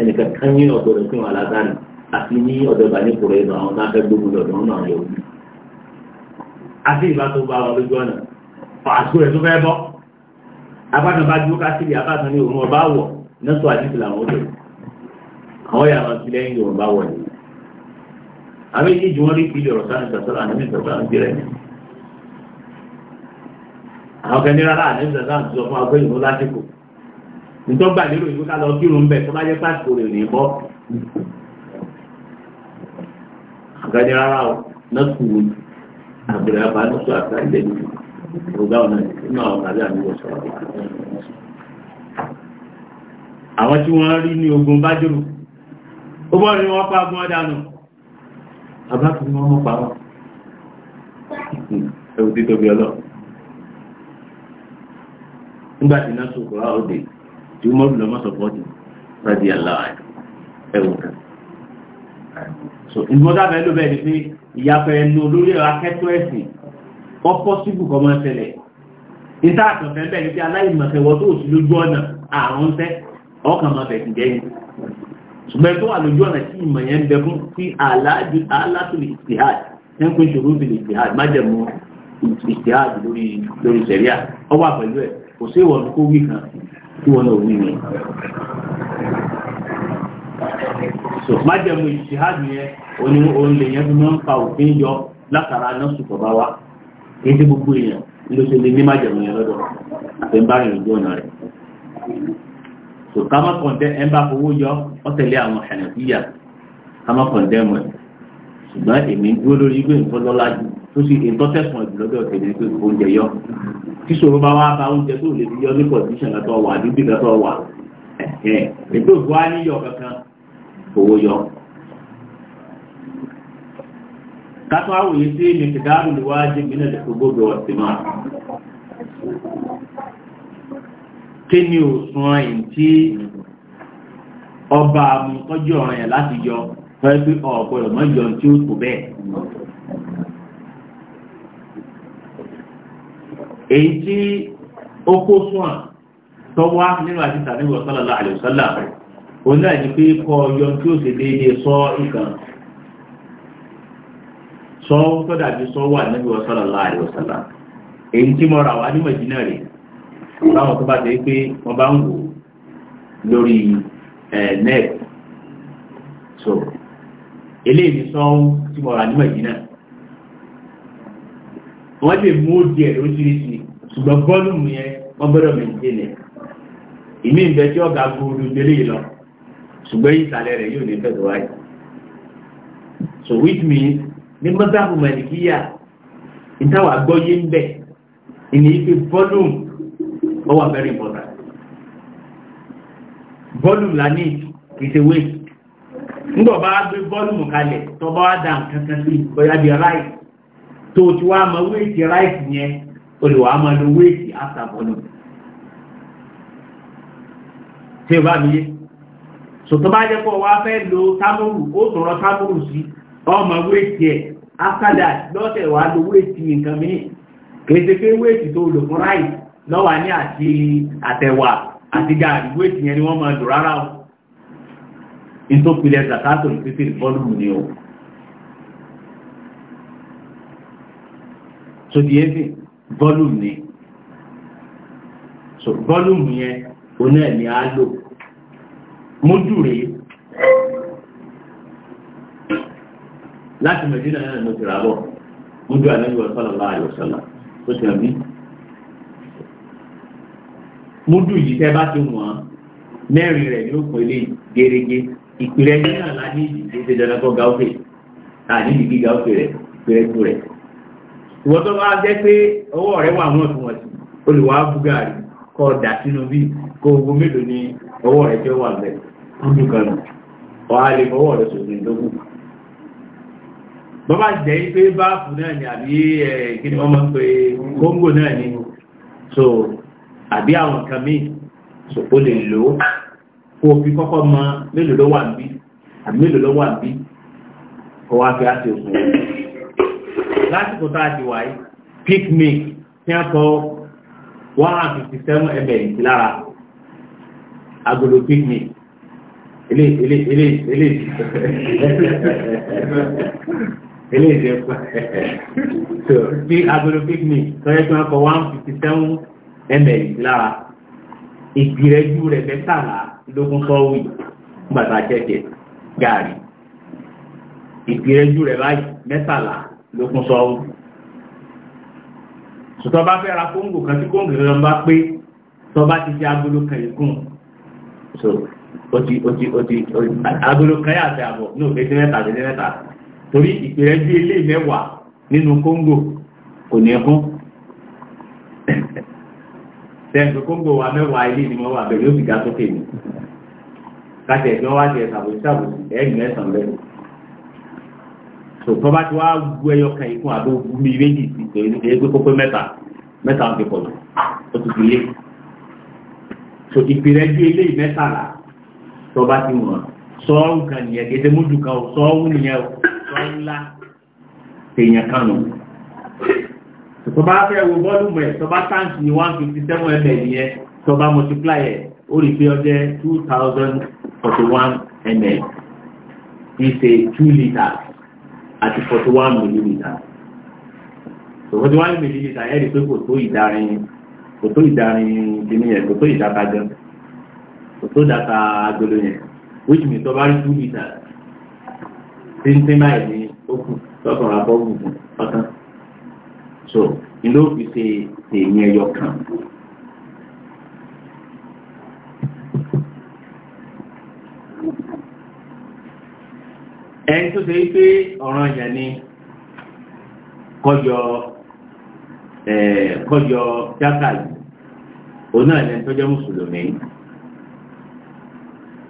ẹnìkan kan ní ọ̀dọ̀ rẹ̀ fún aládàáni àti ní ọ̀dọ̀ ìbà ní kúrò ìbọn àwọn náà fẹ́ gbógun lọ́dọ̀ wọn náà yẹ̀wò àti ìbá tó bá wọn lójú ọ̀nà àwọn èyí jù wọ́n rí pílẹ̀ ọ̀rọ̀ sáà ìgbàsọ́lá àníbì ìgbàsọ́lá ń bẹ̀rẹ̀ ni àwọn kan ní rárá àníbì ìgbàsọ́lá ń sọ fún wa pé ìlú lásìkò nítorí gbà lérò ìlú ká lọ kírun bẹ̀ tó bá jẹ́ pásítọ̀ rẹ̀ ní bọ́ àwọn kan ní rárá o náà kù wọ́n àbẹ̀rẹ̀ àbá ní sọ àtà ilé ìlú ìgbà ọ̀nà nínú àwọn kàlẹ́ àníwọ̀ sọ̀rọ̀ àwọn tí wọ́n rí ní ogun bájúrù ó bọ́ ni wọ́n pa agbọ́n dànù abúlátù ni wọ́n mọ́ pa wọn ẹ̀wù tí tóbi ọlọ́ nígbà tí náà sọ̀kọ̀ á òde tí ó mọ́bìlì ọmọ sọ̀pọ̀tì rádì aláwà ẹ̀wù kan so ìmọ̀dá bẹ́ẹ̀ ló bẹ́ẹ̀ ni pé ìyàpẹ̀ ẹnu olórí ẹ̀rọ akẹ́kọ̀ọ́ ẹ̀sìn ọkọ̀ síbù kọ́ máa ń ṣẹlẹ̀ níta àtọ̀fẹ́ bẹ́ẹ̀ ni pé aláìmọ̀fẹ́ wọ́n tó sì lójú ọ̀nà àrùn ń fẹ́ ọkàn máa bẹ̀ ṣùgbọ́n tó wà lójú ọ̀nà tí ìmọ̀ yẹn ń bẹ fún fi aláàtúlì ìtìhàd ní ń pè ìbìlì ìtìhàd májẹ̀mú ìtìhàd lórí lórí sẹ̀ríà ọ wà pẹ̀lú ẹ̀ kò sí ìwọ̀n kó wí kan tí wọn ò wí ni. ìtìhàd yẹn òní òun lè yẹn fi máa ń òfin yọ látara sùpọ̀ bá wa kí n so ká má kọ̀ǹdẹ́ ẹ̀ ń bá fowó yọ ọ́ tẹ̀lé àwọn Hanafiya ká má kọ̀ǹdẹ́ mọ̀ ẹ̀ ṣùgbọ́n èmi ń dúró lórí pé nǹkan lọ́la jù tó sì nǹkan tẹ̀sán jù lọ́dọ̀ tẹ̀lé pé oúnjẹ yọ tí ṣòro bá wá bá oúnjẹ tó lè fi yọ ní condition lọ́tọ̀ wà dúdú lọ́tọ̀ wà ẹ̀ẹ́ ètò ìfọ́ á níyọ kankan fowó yọ. kátó àwòye sí mẹ̀kẹ́dáàrú ni wáá jẹ́ mílẹ̀ lẹ́kọ̀ọ́ gbogbo ọ̀sìn máa kéni òsùn ẹ̀yìn tí ọba amútọ́jú ọ̀ràn yẹn láti yọ fẹ́ pé ọ̀pọ̀lọ̀ mọ́ yọ tí ó tó bẹ́ẹ̀. èyí tí ó kó sùn à tọ́wá nínú àti tàbí sallallahu alaihi wasallam òun náà ni pé kọ́ yọ tí ó ṣe déédéé sọ ìkan sọ tó dàbí sọ wà nínú sallallahu alaihi wasallam èyí tí mo rà wá ní Mẹdínà rèé báwọn tó bá ṣe pé wọ́n bá ń wò lórí eh, net so eléyìí ni tí mo ní Mẹ̀dínà wọ́n lè mú díẹ̀ lóríṣiríṣi ṣùgbọ́n bọ́ọ̀lù yẹn wọ́n gbọ́dọ̀ mẹ̀dínà ìmí ìbẹ́ tí ọ̀gá gbòòrò délé lọ ṣùgbọ́n ìsàlẹ̀ rẹ̀ yóò ní fẹ̀sọ̀ so which means ní mọ́tàbù mẹ̀díkíyà ìtawà gbọ́yé ń bẹ̀ ìní ife bọ́ọ̀lù ó wà very important volume la ní ìṣe weight nígbà bá gbé volume kalẹ̀ tó bá wá dà nǹkan sí bí rice tó ti wá mọ weight rice yẹn olùwà máa lo weight after volume tí bá mi yé lo ó sí ọmọ ẹ̀ after that lọ́tẹ̀ wá lo nǹkan tó lò fún lọ́wà ní àti àtẹ̀wà àti gààrí wéètì yẹn ni wọ́n máa dùn rárá o ìtòpìlẹ̀ zakato ìfífìrì fọ́lùmù ni o so di ebi volume ni so volume yẹn oní ẹ̀mí á lò mójú rèé láti mẹ̀dínà náà ló ti rà bọ̀ mójú àlẹ́ ìwọ̀n sọ́lọ̀ láàyò sọ́lọ̀ tó ti rà bí múdù yìí tẹ́ bá ti wọ̀n mẹ́rin rẹ̀ ní òkun ilé gẹ́gẹ́ ìpìlẹ̀ ní náà la ní ìdí tó ṣe dandan kọ́ gáúfè àní ìdí gáúfè rẹ̀ ìpìlẹ̀ tó rẹ̀. ìwọ́n tó bá jẹ́ pé ọwọ́ rẹ̀ wà wọ́n fún wọn sí olùwà búgàrí kọ́ dà sínú bí kó owó mélòó ní ọwọ́ rẹ̀ tí ó wà bẹ̀ múdù kan nù ọ̀há lè fọwọ́ rẹ̀ sòfin lókù. bọ́bá jẹ́ pé báàfù náà ni àbí kí wọ́n máa ń pe kóńgò náà ni so àbí àwọn nǹkan míì so ó lè lò ó kó o fi kọ́kọ́ mọ mélòó ló wà níbí àbí mélòó ló wà níbí kó wá fi àti òkun lásìkò tá a ti wáyé picnic tí wọ́n kọ one hundred fifty seven ml ti lára agolo ele ele ele ele ele ele ele ele ele ele ele ele ele ele ele ele ele ele ẹ̀mẹ̀ ìlara ìgbìrẹ́jú rẹ̀ mẹ́tàlá lógún sọ́wì gbàtà jẹ́jẹ́ gàrí ìgbìrẹ́jú rẹ̀ báyìí mẹ́tàlá lógún sọ́wì ṣùtọ́ bá fẹ́ ra kóńgò kan tí kóńgò kan bá pé tọ́ bá ti ṣe agolo kan ìkún so oti oti oti agolo kan yà àti àbọ̀ ní òfin mẹ́ta àti mẹ́ta torí ìgbìrẹ́jú ilé mẹ́wàá nínú kóńgò kò ní ẹkún tẹ́ǹkì kóńgò wa mẹ́wàá ilé ni wọ́n wà bẹ̀rẹ̀ yóò fi ga sókè mi káṣí ẹ̀gbọ́n wá ti ẹ̀ sàbòsí sàbòsí ẹ̀yìn mẹ́sàn lẹ́nu tòtọ́ bá ti wá wu ẹyọ kan ikún àbó wu mi méjì sí pé ẹgbẹ́ kópé mẹ́ta mẹ́ta ń fi pọ̀ jù ó ti fi lé so ìpìlẹ̀ ju eléyìí mẹ́tàlá tó bá ti wọ̀n sọ́ọ̀rù kan nìyẹn kéde mójú kan sọ́ọ̀rù nìyẹn sọ́ọ̀rù ńlá tó bá fẹ́ wo bọ́ọ̀lù mọ̀ ẹ̀ tó bá ní one ml yẹn tó bá multiply ẹ̀ ó rí pé ó jẹ́ two thousand forty one ml ìṣe two litres àti forty one millilitres so forty one millilitres ẹ̀ rí pé kò tó ìdarin kò tó ìdarin kìíní yẹn kò tó ìdata kò tó data agolo yẹn which means tó rí two litres tí ń tí báyìí ní ó kù tọkànlá bọ́ọ̀lù ọ̀tán so you know, ìlú fi ṣe tèmi ẹyọ kan. ẹni tó ṣe pé ọ̀ràn yẹn ni kọjọ kọjọ jákà yìí òun náà lẹni tó jẹ́ mùsùlùmí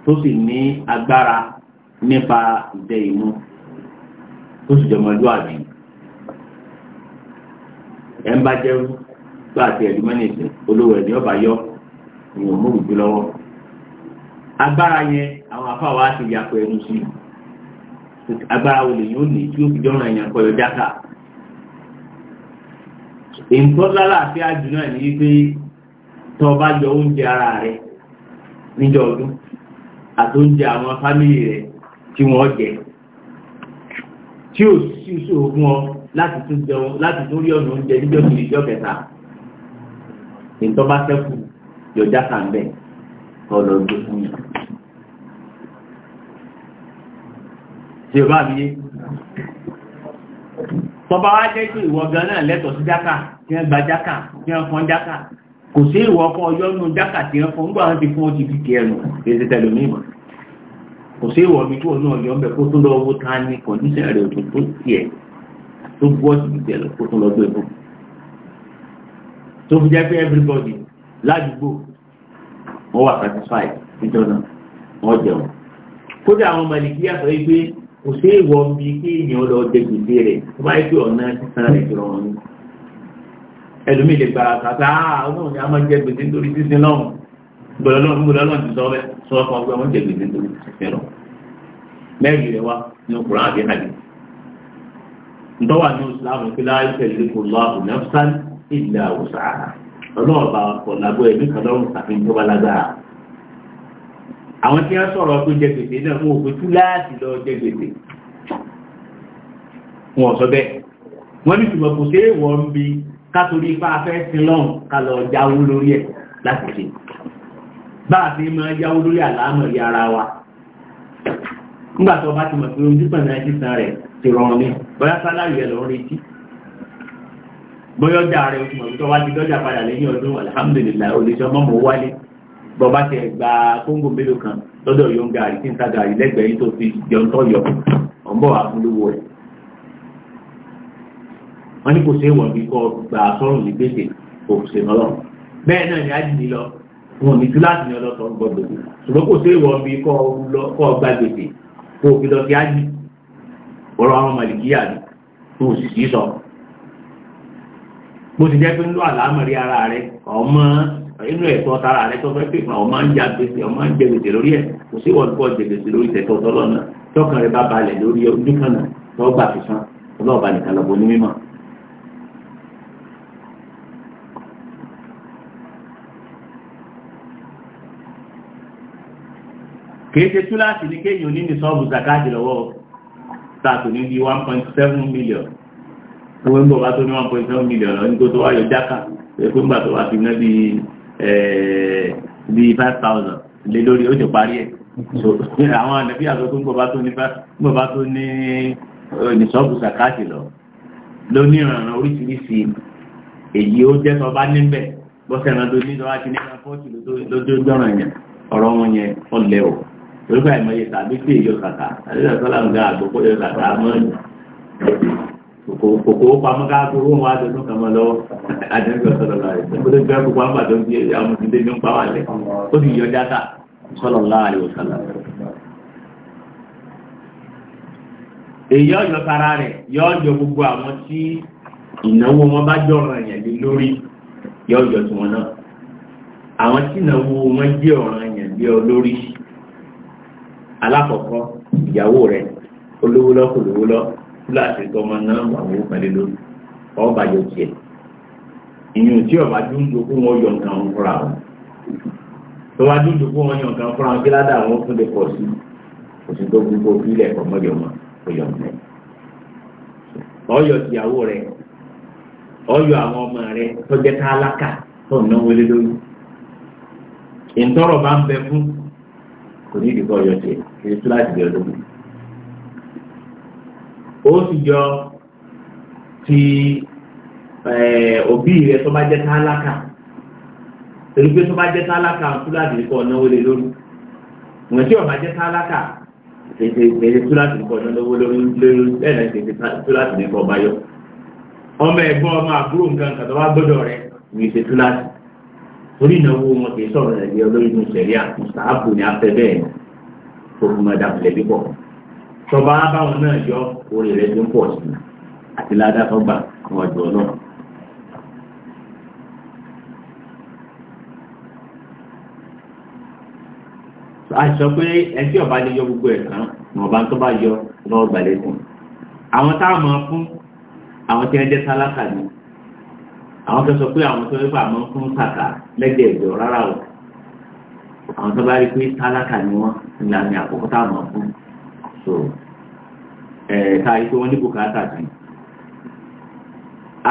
tó sì ní agbára nípa ìdẹ ìmú tó sì jọmọlúwàbí. e ń bá jẹ́ gbà àti ẹ̀dùn mẹ́nìtì olówó ẹ̀dùn ọba yọ ìwọ̀n mú lọ́wọ́ agbára yẹn àwọn afáwa ti yàpọ̀ ẹnu sí agbára olè yóò ní tí ó fi jọ́ràn èèyàn kọyọ dáka ìǹtọ́lá láàfin ní wípé o bá ara rẹ níjọ ọdún àti oúnjẹ àwọn fámìlì rẹ tí wọ́n jẹ tí ọ láti tún jẹun láti tún rí ọ̀nà oúnjẹ níjọ́ kiri ìjọ́ kẹta ìtọ́ bá sẹ́kù yọjá kà ń bẹ̀ ọ̀lọ́ gbé fún yà. o bá mi yé tọba wá jẹ́ pé ìwọ gan náà lẹ́tọ̀ọ́ sí jákà tí wọ́n gba jákà tí wọ́n fọ́n jákà kò sí ìwọ ọkọ̀ ọyọ́ nù jákà tí wọ́n fọ́n gbà wọ́n ti fún ọtí fìkì ẹnu èsì tẹlẹmí mọ̀ kò sí ìwọ mi tí wọ́n náà yọ ọ́ kó tó lọ́wọ́ ta ni kọ̀ndíṣẹ̀ rẹ̀ òtútù tiẹ̀ tó wọ́ọ̀sì gbígbẹ́ lọ kó tó lọ gbé fún tó fi jẹ́ pé everybody ládùúgbò wọ́n wà satisfied níjọ́ náà wọ́n jẹun kódà àwọn màlìkí yàtọ̀ yìí pé kò sí ìwọ bí kí èèyàn lọ jẹ gbèsè rẹ̀ tó bá yẹ pé ọ̀nà sísan rẹ̀ jọrọ̀ wọn ẹlòmíì lè gbàrà kàtà ọlọ́run ni a máa jẹ gbèsè nítorí sísin lọ́run gbọ́dọ̀ lọ́run gbọ́dọ̀ lọ́run ti sọ bẹ́ẹ̀ sọ fún ọgbẹ́ wọn jẹ gbèsè nítorí sísin lọ́run mẹ́rin rẹ̀ wá ní ọkùnrin àbí àdìsí ntọ́wà ní ìsìláàmù kí láyé tẹ̀lé kò lọ àbò nẹ́fṣán ìlà òṣàrà ọlọ́ọ̀bà ọ̀pọ̀ làbọ̀ ẹ̀mí kan lọ́rùn tàbí tó bá lágbára. àwọn tí wọ́n sọ̀rọ̀ pé jẹ gbèsè náà wọn ò pé tú láti lọ jẹ gbèsè wọn ò sọ bẹ́ẹ̀ wọ́n ní ṣùgbọ́n kò séè wọ́n ń bi kátorí ipá afẹ́ sin lọ́hùn ká lọ jáwó lórí ẹ̀ láti ṣe bá a ti máa jáwó lórí àlámọ̀ yára wa nígbà tó bá ti mọ̀ pé ojú pẹ̀lú ẹjí ìrọ̀rùn ni bóyá sálárì ẹ̀ lọ retí bóyá ọjà rẹ̀ oṣù mọ̀ tó wá ti dọ́jà padà lẹ́yìn ọdún alhamdulilayi olùsọ mọ́mọ́ wálé bọ́bá ti gba kóńgò mélòó kan lọ́dọ̀ yóò ń ga àrísí ń ta gàrí lẹ́gbẹ̀ẹ́ yìí tó fi yọ̀ǹtọ́ yọ ọ̀n bọ̀ wá fún lówó rẹ̀ wọ́n ní kò sí ìwọ̀n bí kọ́ gbà sọ́rùn ní gbèsè kò sí lọ́lọ́ bẹ́ẹ̀ náà ni ájì lọ wọn ní kíláàsì ní ọlọ́tọ̀ ń gbọ́dọ̀ ṣùgbọ́n kò sí ìwọ̀n bí kọ́ gba gbèsè kò fi lọ sí ájì ọ̀rọ̀ àwọn màlìkíyà ni tó sì sí sọ bó ti jẹ́ pé ń lọ àlámọ̀rí ara rẹ̀ ọmọ inú ẹ̀tọ́ tara rẹ̀ tó fẹ́ pè fún ọmọ ń ja gbèsè ọmọ ń jẹ gbèsè lórí ẹ̀ kò sí wọ́n kọ́ jẹ gbèsè lórí tẹ̀tọ́ tọ́lọ́nà tọkàn rẹ̀ bá balẹ̀ lórí ojú kan náà tó gbà fi san ọlọ́ọ̀bà nìkan lọ́bọ̀ ní mímọ́. kì í ṣe túláàsì ní kéèyàn ní ní sọ́ọ̀bù lọ́wọ́ tààtò ní bí 1.7 million owó ń bọ̀ bá tó ní 1.7 million lọ ní tó tó wáyọ̀ jákà pé ńgbà tó wá ti ná bí eh, bí 5,000 lé lórí ó ti parí ẹ̀ àwọn ànàbí àtọ́ tó ń bọ̀ bá tó ní bọ̀ bá tó ní nìṣọ́ọ̀bù sàkáàtì lọ ló ní ìrànràn oríṣiríṣi èyí ó jẹ́ tó bá níbẹ̀ bọ́sẹ̀ náà tó ní tó wá ti ní 40 lójó jọ̀ràn yẹn ọ̀rọ̀ wọn yẹn ọ̀lẹ́ o lórí báyìí mọ iye tàbí tí èyí ọ̀kàkà àdéhùn sọ́lá ń ga àgbò kóyọ̀ kàkà mọ́ni kòkó pamọ́ ká tó wọ́n wá dẹnu kàmọ́ lọ́wọ́ àdéhùn sọ́lá lọ́wọ́ rẹ̀ nígbà tó gbé kókó àwọn àdó ń gbé àwọn ti dé ní pa wà lẹ̀ ó sì yọ játa sọ́lá láàrin òsàlà. èyí ọ̀yọ́ tara rẹ̀ yọ ọ̀yọ́ gbogbo àwọn tí ìnáwó wọn bá jọ̀ràn yẹn lórí yọ ọ̀yọ́ tiwọn náà àwọn tí ìnáwó wọn jẹ́ ọ̀ràn yẹn lé ọ lórí alákọ̀ọ́kọ́ ìyàwó rẹ̀ olówó lọ kò lówó lọ fúláṣí tọmọ náà wà wó pẹ̀lẹ́ ló ọba yóò tiẹ̀ ìyún tí ọba dúndò kó wọn yọ nǹkan wọn fúnra wọn tọba dúndò kó wọn yọ nǹkan fúnra wọn kí ládà wọn fún de pọ̀ sí òsì tó gbogbo bílẹ̀ ọmọdé wọn kò yọ nǹkan ọyọ ìyàwó rẹ̀ ọyọ àwọn ọmọ rẹ̀ tọjẹ tálákà tó ń náwó lé lórí ìtọrọ bá ń bẹ fún kò ní ìdíkọ ọyọ tiẹ̀ èyí kíláàsì bẹ̀rẹ̀ lóko ó sì yọ ti eh, òbí rẹ tó bá jẹ́ tálákà torí pé tó bá jẹ́ tálákà kíláàsì nìkan náwó lé lórí wọ́n tí ọba jẹ́ tálákà tètè kíláàsì nìkan náwó lórí lẹ́nà tètè kíláàsì nìkan ọba yọ ọmọ ẹ̀gbọ́n ọmọ àbúrò nǹkan kan tó bá gbọ́dọ̀ rẹ ní ìṣe kíláàsì torí ìnáwó wọn kì í sọ̀rọ̀ nàìjíríà lórí ìṣẹ̀lẹ̀ àtúnṣe ààbò ní afẹ́ bẹ́ẹ̀ náà kó fún mọ́ dáhùn lẹ́bí pọ̀ tọba báwọn náà yọ orí rẹ̀ tó ń pọ̀ sí àti ládàá tó gbà fún ọjọ́ náà. aṣọ pé ẹtí ọba lè yọ gbogbo ẹ̀kan ọba tó bá yọ lọ́wọ́ gbàlẹ́kùn àwọn tá a mọ̀ fún àwọn tí wọ́n jẹ́ tálákà ni àwọn tó sọ pé àwọn tó wípé àmọ́ fún sàkà lẹ́gbẹ̀ẹ́ ìjọ rárá o àwọn tó bá rí pé tálákà ni wọ́n ìlànà àkọ́kọ́ tá a mọ̀ fún so ẹ̀ẹ̀ta ipò wọn ní bùkátà sí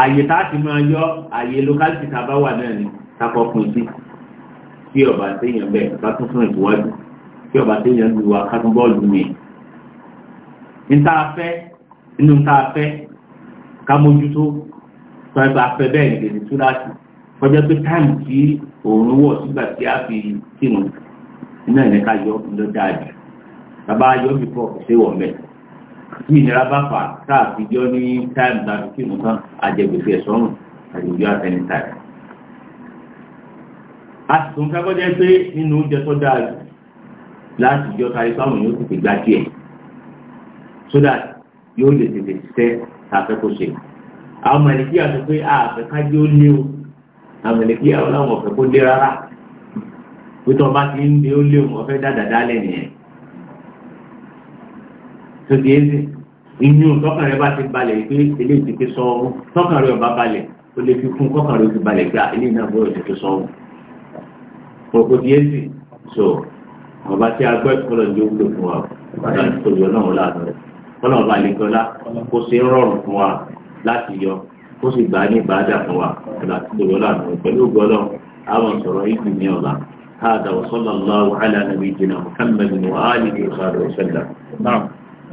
ààyè tá a ti máa yọ ààyè lókàlìtì tá a bá wà náà ni takọ pin sí tí ọba téèyàn bẹ́ẹ̀ bá tún fún ìtìwájú tí ọba téèyàn lu akádùn bọ́ọ̀lù mi níta fẹ́ inú níta fẹ́ ká mójútó tọ́gbà fẹ́ bẹ́ẹ̀ ní tètè túláàsì kọjá pé táìmù tí òun wọ̀ sígbà tí a fi kírun iná ní ká yọ ló dáadì bàbá yọ bí pọ̀ ṣé wọ̀ mẹ́ tí ìnira bá fà táà ní táìmù tàbí kí nǹkan àjẹgbèsè ẹ̀sọ́rùn àtẹni a sì tún kágọ́jẹ́ pé nínú oúnjẹ tó dáa láti jọ kárí fáwọn yóò tètè gbá sódà yóò lè tètè tẹ́ ṣe àwọn àti pé ah, léwu àwọn àwọn ọ̀fẹ́ kó rárá. pẹ̀tọ́ bá ti ń de ó lé òun ọ̀fẹ́ dáadáa dálẹ̀ nìyẹn tó ti ézì inú tọ́kàn rẹ bá ti balẹ̀ pé ilé ti fi sọ ọ́ tọ́kàn rẹ ọba balẹ̀ ó lè fi fún kọ́kàn rẹ ó fi balẹ̀ pé ilé náà bọ́ọ̀ ti fi sọ ọ́ pọ̀pọ̀ ti ézì so ọba tí a gbọ́ ìkọlọ̀ ní owó fún wa bàtà ìkọlọ̀ náà wọ́n láàánú rẹ̀ kọ́nà ọba àlekọ́lá kó ṣe ń rọrùn fún wa láti yọ kó sì gbà ní ìbáradà fún wa bàtà ìkọlọ̀ náà pẹ̀lú gbọ́dọ̀ àwọn sọ̀rọ̀ ìgbìmọ̀ ọ̀la. هذا وصلى الله على نبينا محمد وآله وصحبه وسلم نعم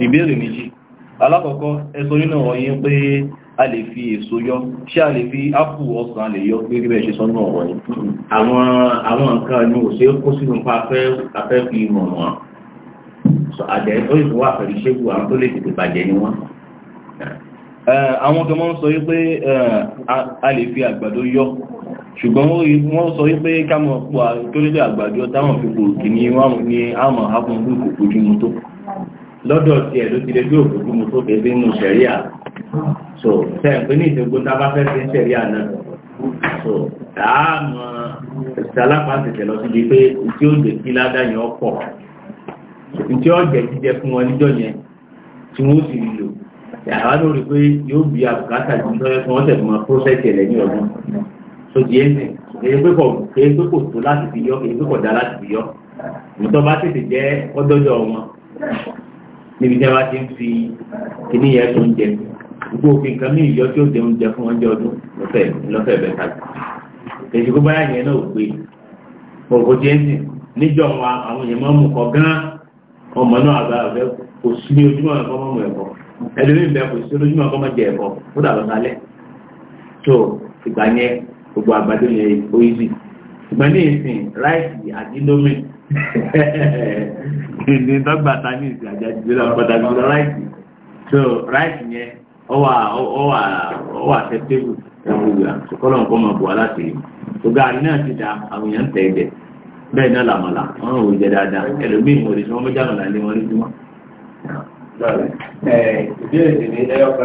ìbéèrè méjì alákọ̀ọ́kọ́ ẹsọ nínú ọ̀yìn pé a lè fi èso yọ ṣé a lè fi ápù ọsàn a lè yọ pé rí bẹ́ẹ̀ ṣe sọ́nà ọ̀yìn àwọn àwọn nǹkan ni ò ṣe é kó sínú pa afẹ́ fi mọ̀ wọn àjẹ́ tó ìfò wà pẹ̀lú ṣégun àwọn tó lè tètè bàjẹ́ ni wọ́n. àwọn kan ń sọ wípé a lè fi àgbàdo yọ ṣùgbọ́n wọ́n sọ wípé kámọ̀ pọ̀ àtòrílẹ̀ àgbàdo táwọn fi pò kì ní àmọ̀ hápọn bí kò fojú mu tó lọ́dọ̀ tí ẹ̀ ló ti lè bí tó fẹ́ nínú sẹ̀ríà so sẹ́yìn pé ní ìṣègùn tá a bá fẹ́ sí sẹ̀ríà náà so dáàmọ̀ ìṣàlápàṣẹ̀ṣẹ̀ lọ síbi pé tí ó jẹ́ kí ládáyàn ọ̀pọ̀ tí ó jẹ́ jíjẹ fún wọn níjọ́ yẹn tí wọ́n sì lò àwọn lórí pé yóò bí àbùkátà jù lọ́yẹ́ fún ọ́sẹ̀ fún wọn tó di ẹ̀sìn èyí pé kò èyí pé kò tó láti fi yọ èyí pé kò dá láti fi yọ ìtọ́ bá tètè jẹ́ ọdọ́jọ́ wọn níbi tí wọ́n ti ń fi kíní yẹn tó ń jẹ gbogbo òfin kan ní ìyọ́ tí ó jẹun jẹ fún ọjọ́ ọdún lọ́fẹ̀ lọ́fẹ̀ bẹ́ẹ̀ kájú èyí pé báyà yẹn náà ò pé mo kò di ẹ̀sìn níjọ wa àwọn èèyàn máa ń mú kọ gán ọmọ náà àgbà ọ̀fẹ́ kò sí ní ojúmọ́ ẹ̀kọ́ mọ́ mú ẹ̀kọ́ ẹlòmíì bẹ́ẹ̀ kò sí ní ẹ̀kọ́ mọ́ jẹ ẹ̀kọ́ kó dà lọ sálẹ̀ tó ìgbà yẹn gbogbo àgbàdo yẹn ó yí sí ṣùgbọ́n ní ìsìn ráìsì àti lómi ní dọ́gba ta ní ìsìn àti àjẹjẹrẹ ọ̀pọ̀dàgbọ̀ ráìsì so ráìsì yẹn ó wà ó wà ó wà tẹ́tẹ́bù ẹ̀wùwà kọ́lọ̀ nǹkan ọmọ buwa láti rí so gaari náà ti da àwọn èèyàn tẹ̀ ẹ̀jẹ̀ bẹ́ẹ̀ náà làmọ̀là wọ́n rò jẹ dáadáa ẹlòmíì mọ̀ọ́dé tí wọ́n mọ́jà lọ́la lé wọn lójúmọ́.